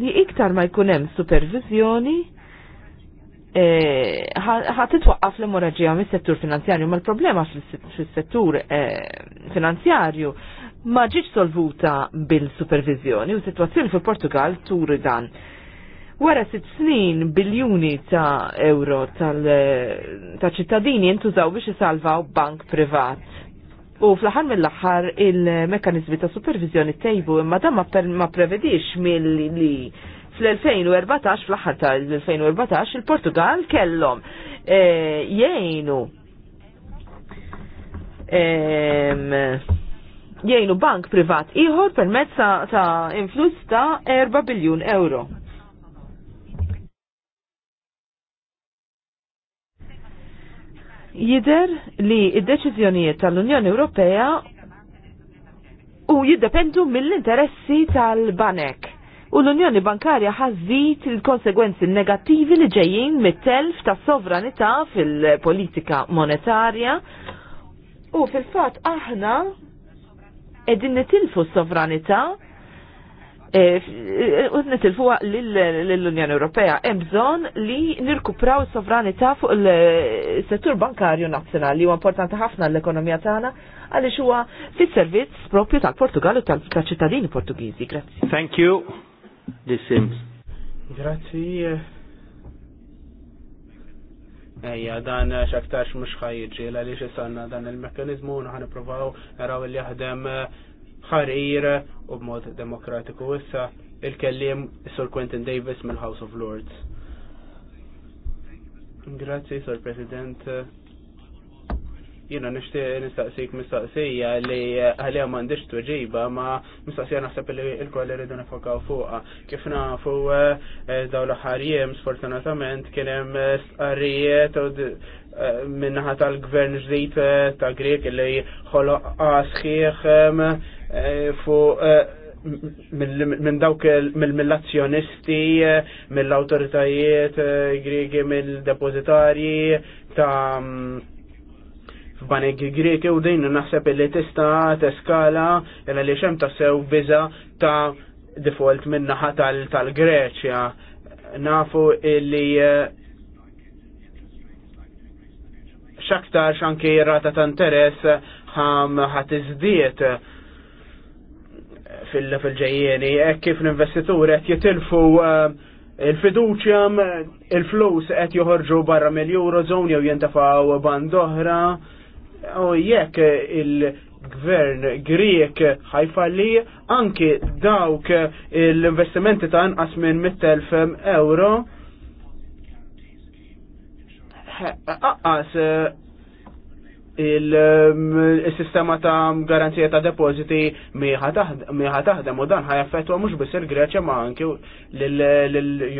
li iktar ma jkun hemm supervizjoni e, ħat titwaqqaf l-emorraġija mis-settur finanzjarju, ma l-problema fil-settur e, finanzjarju ma ġiġ solvuta bil-supervizjoni u situazzjoni fil-Portugal turi dan. Wara sitt snin biljuni ta' euro ta' ċittadini jintużaw biex isalvaw bank privat. U fl-ħar mill-ħar il-mekanizmi ta' supervizjoni tejbu imma dan ma prevedix mill-li fl-2014 fl-ħar ta' 2014 il-Portugal kellhom e, jgħinu jienu bank privat iħor permezz ta' influss ta' 4 biljun euro. Jider li id-deċizjonijiet tal-Unjoni Ewropea u jiddependu mill-interessi tal-banek. U l-Unjoni Bankarja ħazzit il-konsegwenzi negattivi li ġejjin mit-telf ta' sovranità fil-politika monetarja u fil-fatt aħna edin nitilfu s sovranità E, u nitilfu l-Unjoni Ewropea hemm bżonn li nirkupraw sovranità fuq il-settur bankarju nazzjonali huwa importanti ħafna l-ekonomija tagħna għaliex huwa fis-servizz proprju tal-Portugal u tal-ċittadini Portugiżi. Grazzi. Thank you. This seems. Grazzi. Ejja, dan xaktarx mhux ħajjiġi għaliex isanna dan il mekanizmu nħan provaw, naraw il-jahdem ħarira u b'mod demokratiku. Issa il-kellim Sir Quentin Davis mill-House of Lords. Grazzi, Sir President. Jina nishti nistaqsik mistaqsija li għalija mandiġ tuġiba ma mistaqsija naħseb li il-koll rridu nifokaw fuqa. Kif nafu eh, daw l-ħarjem sfortunatament kienem stqarrijiet u eh, minnaħat tal-gvern ġdijt eh, ta' Grek li xolo sħiħ Eh, fu eh, minn dawk mill-azzjonisti, eh, mill-autoritajiet Griegi, mill-depozitarji ta' mm, f'banek Greki u din naħseb li tista' teskala jena li xem ta' sew biża ta' default minnaħa tal-Greċja. Nafu illi xaktar xanki rata ta' interess ħam ħat iżdiet fil-ġejjeni, kif l-investitur qed jitilfu eh, il-fiduċja eh, il-flus qed joħorġu barra mill-Eurozone jew jintafaw band oħra u jekk il-gvern Griek ħajfalli anki dawk l-investimenti ta' anqas minn 100.000 euro eh, Um, il-sistema ta' garanzija ta' depositi miħa taħdem u dan ħajaffetwa mux biss il-Greċja ma' anki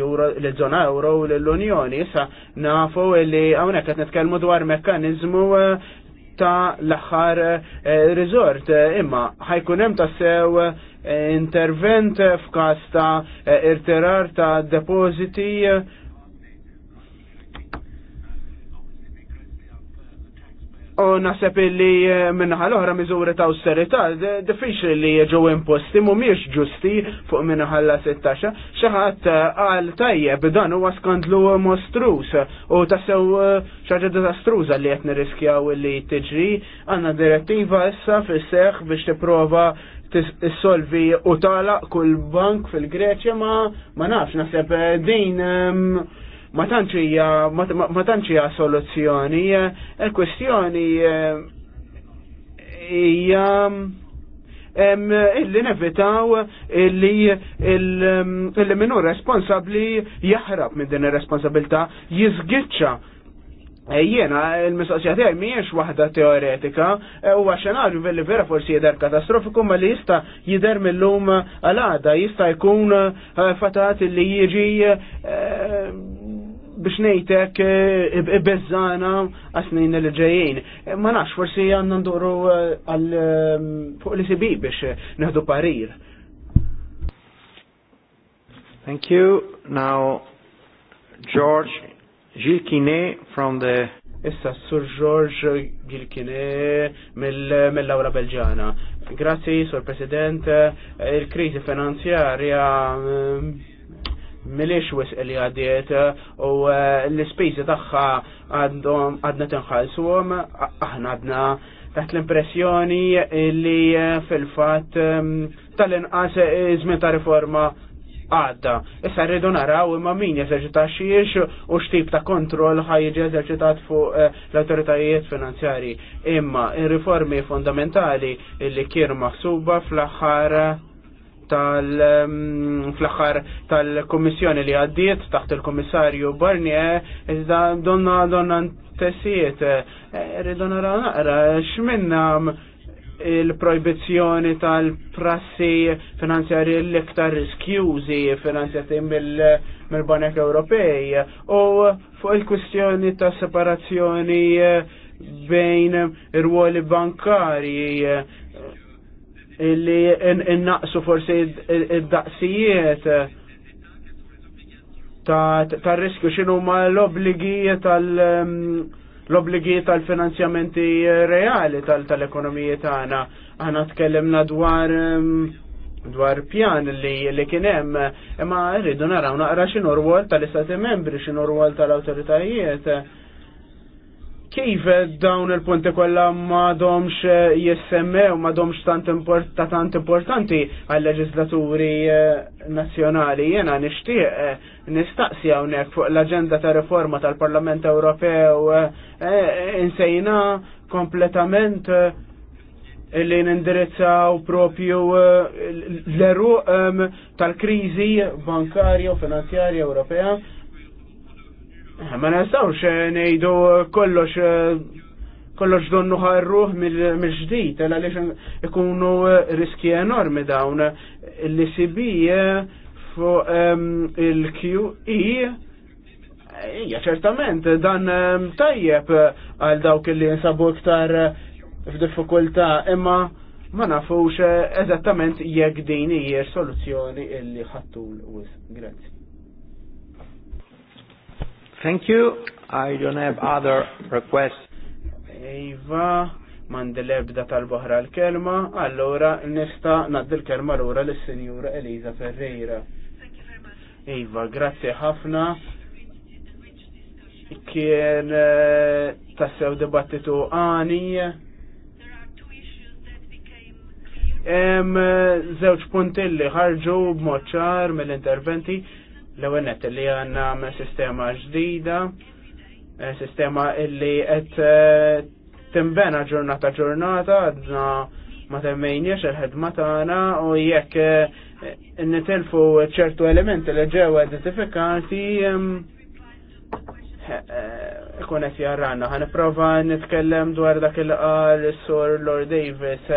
l-zona euro u l-Unjoni. Issa nafu li għawnek għet netkelmu dwar mekkanizmu uh, ta' l-axħar uh, rizort imma ħajkun hemm tassew uh, intervent f'każ ta' irterar ta' depositi U naħseb illi eh, minnaħa l-oħra miżuri ta' austerita, diffiċli li ġew imposti mhumiex ġusti fuq minnaħa l-16. Xi ħadd eh, qal tajjeb dan huwa skandlu mostrus u tassew eh, xaġa diżastruża li qed nirriskjaw li tiġri għanna direttiva issa fil-seħ biex tipprova solvi u tala kull bank fil-Greċja ma ma nafx naħseb din ehm, ma tantx hija tantx hija soluzzjoni, il-kwestjoni hija e eh, illi nevitaw illi illi minu responsabli jaħrab minn din ir-responsabilità jiżgiċċa e Jiena, il-mistoqsija tijaj mhijiex waħda teoretika, e huwa xenarju billi vera forsi jidher katastrofiku ma li jista' jidher millum għalada jista' jkun eh, fatat illi jiġi eh, biex nejtek eh, bezzana għasnin li ġejjin. Eh, ma nafx, forsi għanna nduru eh, għal ehm, fuq li sibi biex neħdu parir. Thank you. Now, George Gilkine from the Issa, Sur George Gilkine mill mill-Lawra Belġana. Grazzi, Sur President. Il-krizi finanzjarja ehm, milix wis li għadiet u eh, l-spejzi tagħha għadhom għadna tinħallsuhom aħna għadna taħt l-impressjoni li eh, fil-fatt ehm, tal-inqas eh, żmien ta' riforma għadda. Issa rridu naraw imma min jeżerċita xiex u xtib ta' kontroll ħajġi eżerċitat fuq l-autoritajiet finanzjari. Imma il riformi fondamentali li kienu maħsuba fl-aħħar tal fl-aħħar tal-Kummissjoni li għaddiet taħt il-Kummissarju Barnier iżda donna donna tessiet, eh, rridu nara naqra x'minna il-projbizjoni tal-prassi finanzjari l-iktar riskjużi finanzjati mill-Banek Ewropej u fuq il-kwistjoni ta' separazzjoni eh, bejn ir-ruoli bankari eh, Illi innaqsu forsi id-daqsijiet eh, ta' riskju xinu ma l-obligi l-obligi tal-finanzjamenti reali tal-ekonomiji tagħna. Aħna tkellimna dwar dwar pjan li li kien hemm imma rridu naraw naqra x'inhu rwol tal-istati membri, x'inhu rwol tal-awtoritajiet kif dawn il-punti kollha m'għadhomx jissemmew m'għadhomx tant ta' tant importanti għal leġislaturi nazzjonali. Jena nixtieq nistaqsi hawnhekk fuq l-aġenda ta' riforma tal-Parlament Ewropew insejna kompletament li nindirizzaw propju l-eruq tal-kriżi bankarja u finanzjarja Ewropea Ma nistawx eh, ngħidu eh, kollox eh, kollox donnu ħarruħ mill-ġdid, għal għaliex ikunu riski enormi dawn. L-ICB fuq ehm, il-QE Ija, ċertament, dan ehm, tajjeb għal dawk li nsabu iktar f'diffikultà, imma ma nafux eżattament jekk din hija soluzzjoni illi l wis. Grazzi. Thank you. I don't have other requests. Iva, ebda tal-bohra l-kelma, allora nista naddi l-kelma l-ura l-senjura Elisa Ferreira. Iva, grazie ħafna. Kien eh, tassew dibattitu għani. Eh, Zewċ punti li ħarġu b'moċċar mill-interventi l-ewenet li għanna sistema ġdida, eh, sistema illi għed eh, timbena ġurnata ġurnata, għadna ma temmejniex il-ħedma tagħna u jekk eh, nitilfu ċertu elementi li ġew identifikati ikun qed jarranna. Ħa nipprova nitkellem dwar dak il qal sur Lord Davis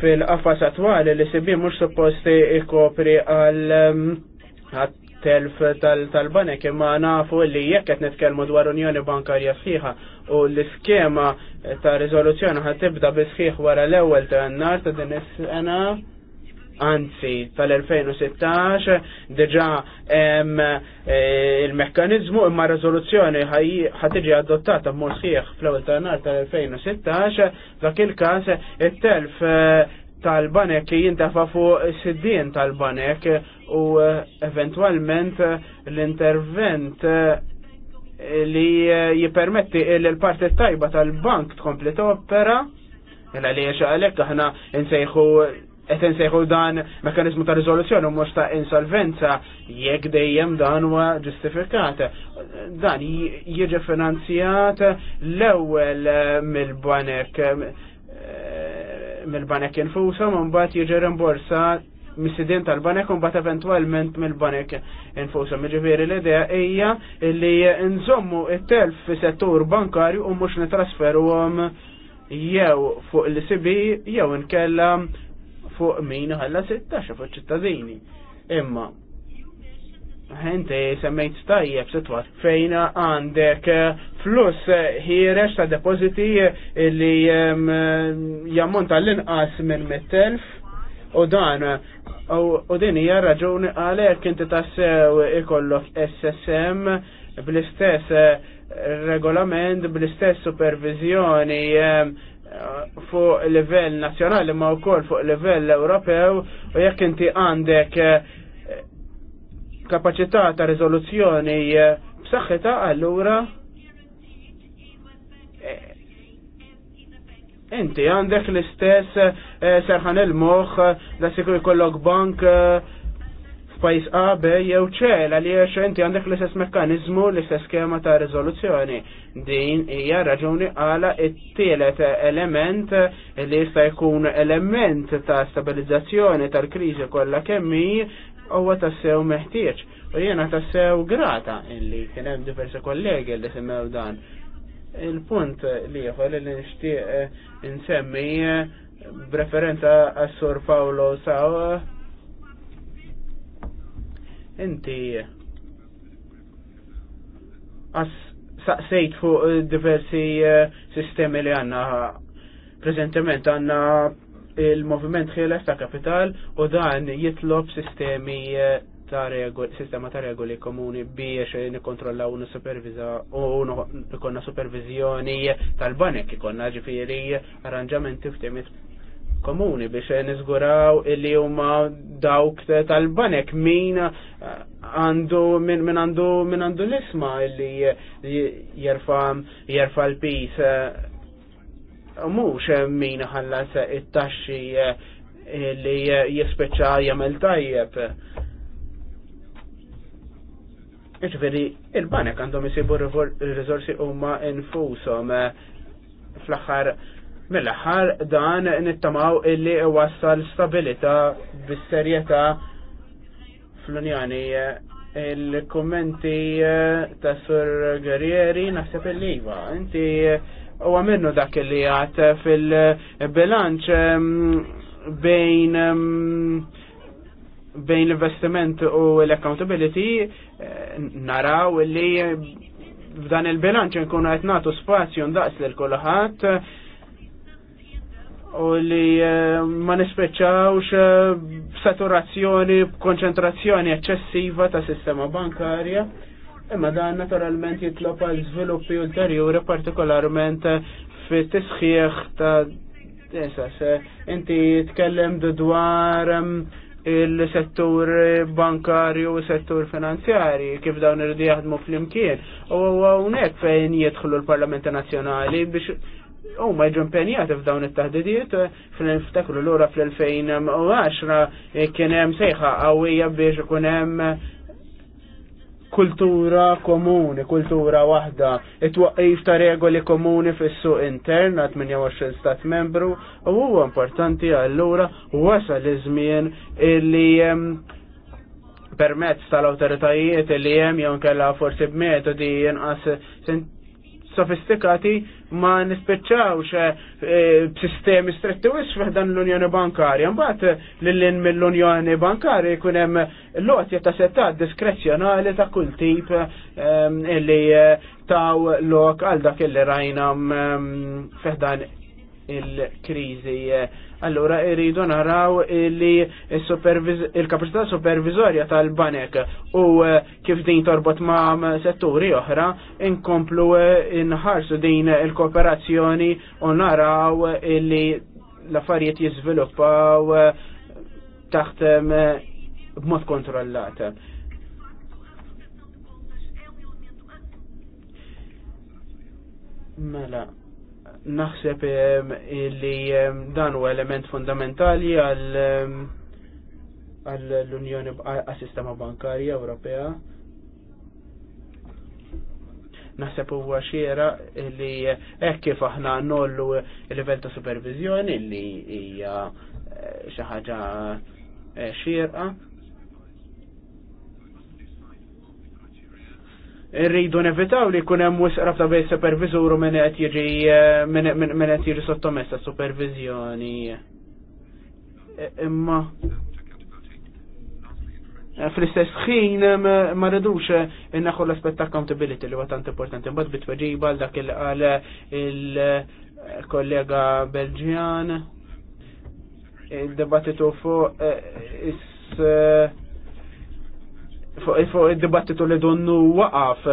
fil-qafas attwali li sibi mhux supposti ikopri għal telf tal-banek imma nafu li jekk qed nitkellmu dwar Unjoni Bankarja sħiħa u l-iskema ta' riżoluzzjoni ħad tibda bi sħiħ wara l-ewwel ta' annar ta' din is-sena anzi tal-2016 diġà eh, il-mekkanizmu imma riżoluzzjoni ħatiġi adottata b'mod sħiħ fl-ewwel ta' tal-2016 dak il-każ it-telf eh, tal-banek jintafa fuq siddien tal-banek u eh, eventualment eh, l-intervent eh, li jipermetti l-parti tajba tal-bank tkompli opera illa li għalek aħna nsejħu qed insejħu dan mekanizmu ta' u mhux ta' insolvenza jekk dejjem dan huwa ġustifikat. Dan jiġi finanzjat l-ewwel mill-banek mill-banek infusa u mbagħad jiġi rimborsa mis-sidin tal-banek un bat eventualment mill-banek infusom. Ġifiri l-idea hija li nżommu it-telf fi settur bankarju u mux nitrasferu għom jew fuq l-sibi jew nkella fuq min ħalla 16 fuq ċittadini. Imma Ħente semmejt stajjeb sitwat fejn għandek eh, flus eh, ħierex ta' depositi eh, li jammonta l-inqas minn 100.000 u dan u din hija raġuni għalhekk inti tassew ikollok SSM bl-istess regolament, bl-istess supervizjoni fuq livell nazzjonali ma wkoll fuq livell Ewropew u jekk inti għandek kapacità ta' rezoluzzjoni eh, b'saħħitha allura eh, inti għandek l-istess eh, serħan il-moħ da sikur jkollok bank f'pajis A, B, jew ċel, għaliex inti għandek l-istess mekkanizmu, l-istess skema ta' rizoluzzjoni. Din hija raġuni għala it-tielet element li jista' jkun element ta' stabilizzazzjoni tal-kriżi kollha kemm Uwa tassew meħtieġ. U jiena tassew grata illi kien hemm diversi kollegi li semmew dan. Il-punt li jħol li nixtieq eh, insemmi eh, b'referenza għas-Sur Paolo Saw. Eh, inti għas saqsejt fuq diversi sistemi li għanna prezentement għanna il-moviment ħieles ta' kapital u dan jitlob sistemi eh, ta' regoli, sistema ta' regoli komuni biex nikontrollaw u superviza u ikonna supervizjoni tal-banek ikonna ġifiri arranġamenti f'temiet komuni biex nizguraw illi huma dawk tal-banek min eh, għandu min, min għandu min għandu l-isma illi jerfa jerfa l-pis eh, mux min ħallas it-taxxi eh, li jispeċa jamel tajjeb. Iġveri, il-banek għandhom jisibu rizorsi umma infusom. Fl-axar, mill-axar dan nittamaw illi wassal stabilita bis-serjeta fl-Unjoni il-kommenti eh, ta' Sur Guerrieri naħseb il-liva. Inti u għamennu dak li għat fil-bilanċ bejn bejn l-investiment u l-accountability eh, naraw li f'dan il-bilanċ nkunu qed nagħtu spazju ndaqs l kulħadd u li eh, ma nispeċawx eh, saturazzjoni, konċentrazzjoni eċċessiva ta' sistema bankarja. Imma dan naturalment jitlob għal żviluppi ulterjuri partikolarment eh, fit tisħieħ ta' esas. Eh, inti jitkellem dwar eh, il-settur bankarju u settur finanzjari kif dawn irridu jaħdmu fl-imkien. U hawnhekk fejn jidħlu l-Parlamenti Nazzjonali biex u ma impenjati f'dawn it-taħdidiet fl-niftakru l-ura fl-2010 kien hemm sejħa qawwija biex ikun hemm kultura komuni, kultura waħda, it-waqqif ta' regoli komuni fis-suq intern għat 28 stat membru, u huwa importanti allura wasal iż-żmien illi permezz tal-autoritajiet li jem jew kella forsi b'metodi jinqas sofistikati ma nispeċċawx eh, eh, b'sistemi stretti wis f'dan l-Unjoni Bankarja. Mbagħad lil mill-Unjoni Bankarja jkun hemm lotja ta' settat diskrezzjonali ta' kull tip illi eh, taw lok għal dak illi rajna mm, f'dan il-kriżi Allura irridu naraw li il-kapacità supervizorja tal-banek u eh, kif din torbot ma' setturi oħra inkomplu eh, inħarsu din il-kooperazzjoni u naraw li l-affarijiet jizviluppaw eh, taħt b'mod kontrollat. Mela, Naħseb li dan u element fundamentali għal għall-Unjoni għas-sistema bankarja Ewropea. Naħseb huwa xiera li hekk kif aħna nollu il-livell ta' supervizjoni li hija eh, xi ħaġa eh, xierqa rridu nevitaw li kunem mus rabta bej supervizuru minn qed jiġi eh, minn qed jiġi sottomessa supervizjoni. E, imma eh, fl-istess ħin eh, ma rridux innaħu l aspet ta' accountability li huwa tant importanti mbagħad bitweġiba għal dak il qal il-kollega Belġian il-debattitu fuq is fuq dibattitu li donnu waqaf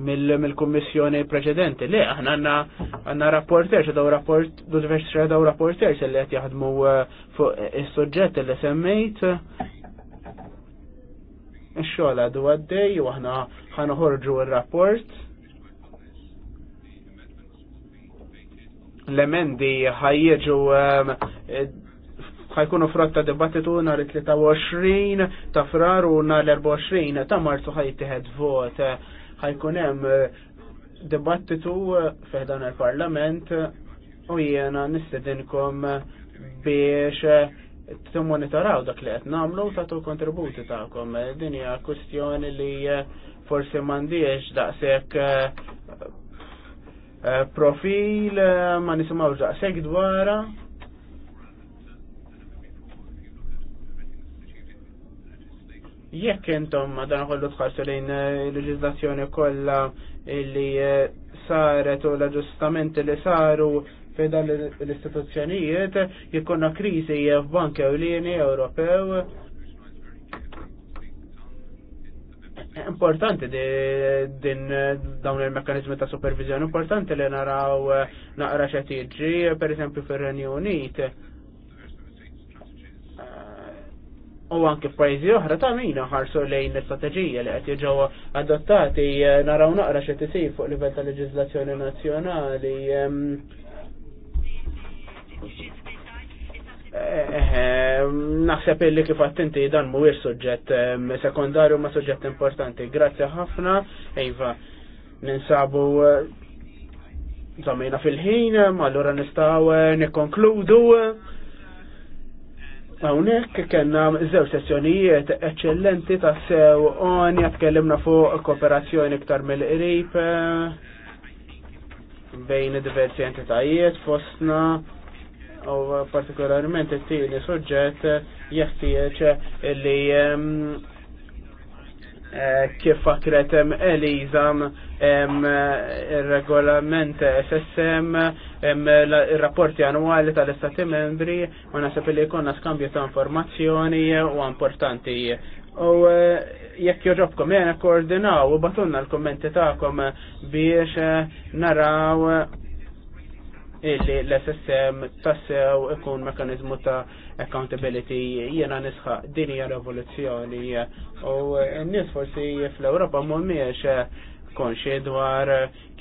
mill-kommissjoni preċedenti. Le, aħna għanna rapporter, xedaw rapport, du diversi xedaw rapporter, se li għet jaħdmu eh, fuq il sogġet li semmejt. Xola du għaddej, u aħna ħorġu il-rapport. L-emendi ħajjeġu ħajkunu frott ta' dibattitu it-23 ta' frar u l-24 ta' marzu ħajtieħed vot. Ħajkun hemm eh, dibattitu eh, f'dan il-Parlament u jiena nistedinkom biex eh, timmonitoraw dak li qed nagħmlu u kontributi tagħkom. Din hija kwestjoni li forsi m'għandix daqshekk profil ma nisimgħux daqshekk dwara Jekk intom madan kollu tħarsu lejn eh, leġizlazzjoni kollha li eh, saret u l-aġustamenti li saru fejda l-istituzzjonijiet jikonna krizi f'Bank Ewlieni Ewropew. Importanti din dawn il-mekkanizmi ta' supervizjoni, importanti li naraw eh, naqra xa tiġi, per esempio fir-Renju Unit u anke f'pajjiżi oħra ta' mina ħarsu lejn l-istrateġija li qed jiġu adottati eh, naraw naqra xi tisir fuq livell ta' leġiżlazzjoni nazzjonali. Ehm, ehm, naħseb illi kif attenti dan mhuwiex suġġett ehm, sekondarju ma' suġġett importanti. Grazzi ħafna, Eva, ninsabu zamina eh, fil-ħin, allura nistaw eh, nikkonkludu. Hawnhekk kellna zew sessjonijiet eċċellenti ta' sew oni tkellimna fuq kooperazzjoni iktar mill-qrib eh, bejn diversi entitajiet fostna u partikolarment it-tieni suġġett jeħtieġ li Eh, kif fakretem Elizam il-regolament eh, SSM il-rapporti annuali tal-Istati membri u nasab li konna skambju ta' informazzjoni eh, u importanti u jekk joġobkom jena koordinaw u batunna l-kommenti ta'kom biex naraw illi l-SSM tassew ikun mekanizmu ta' accountability jena nisħa din hija revoluzzjoni u n-nies forsi fl-Ewropa mhumiex konxi dwar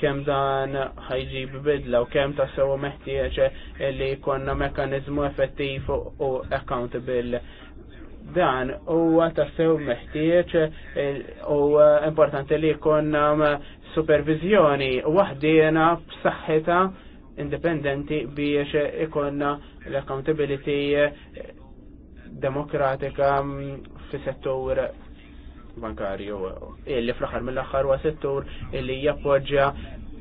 kemm dan ħajġib bidla u kemm tassew sewa meħtieġ li konna mekanizmu effettiv u accountable dan huwa tassew sew meħtieġ u importanti li konna supervizjoni waħdiena b'saħħitha indipendenti biex ikonna l-accountability eh, demokratika mm, fi settur bankarju illi fl-axar mill-axar wa settur illi jappoġġja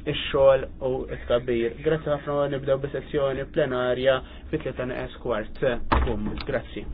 ix-xogħol u t-kabbir. Grazzi ħafna nibdew bis-sessjoni plenarja fit-3 kwart. Grazzi.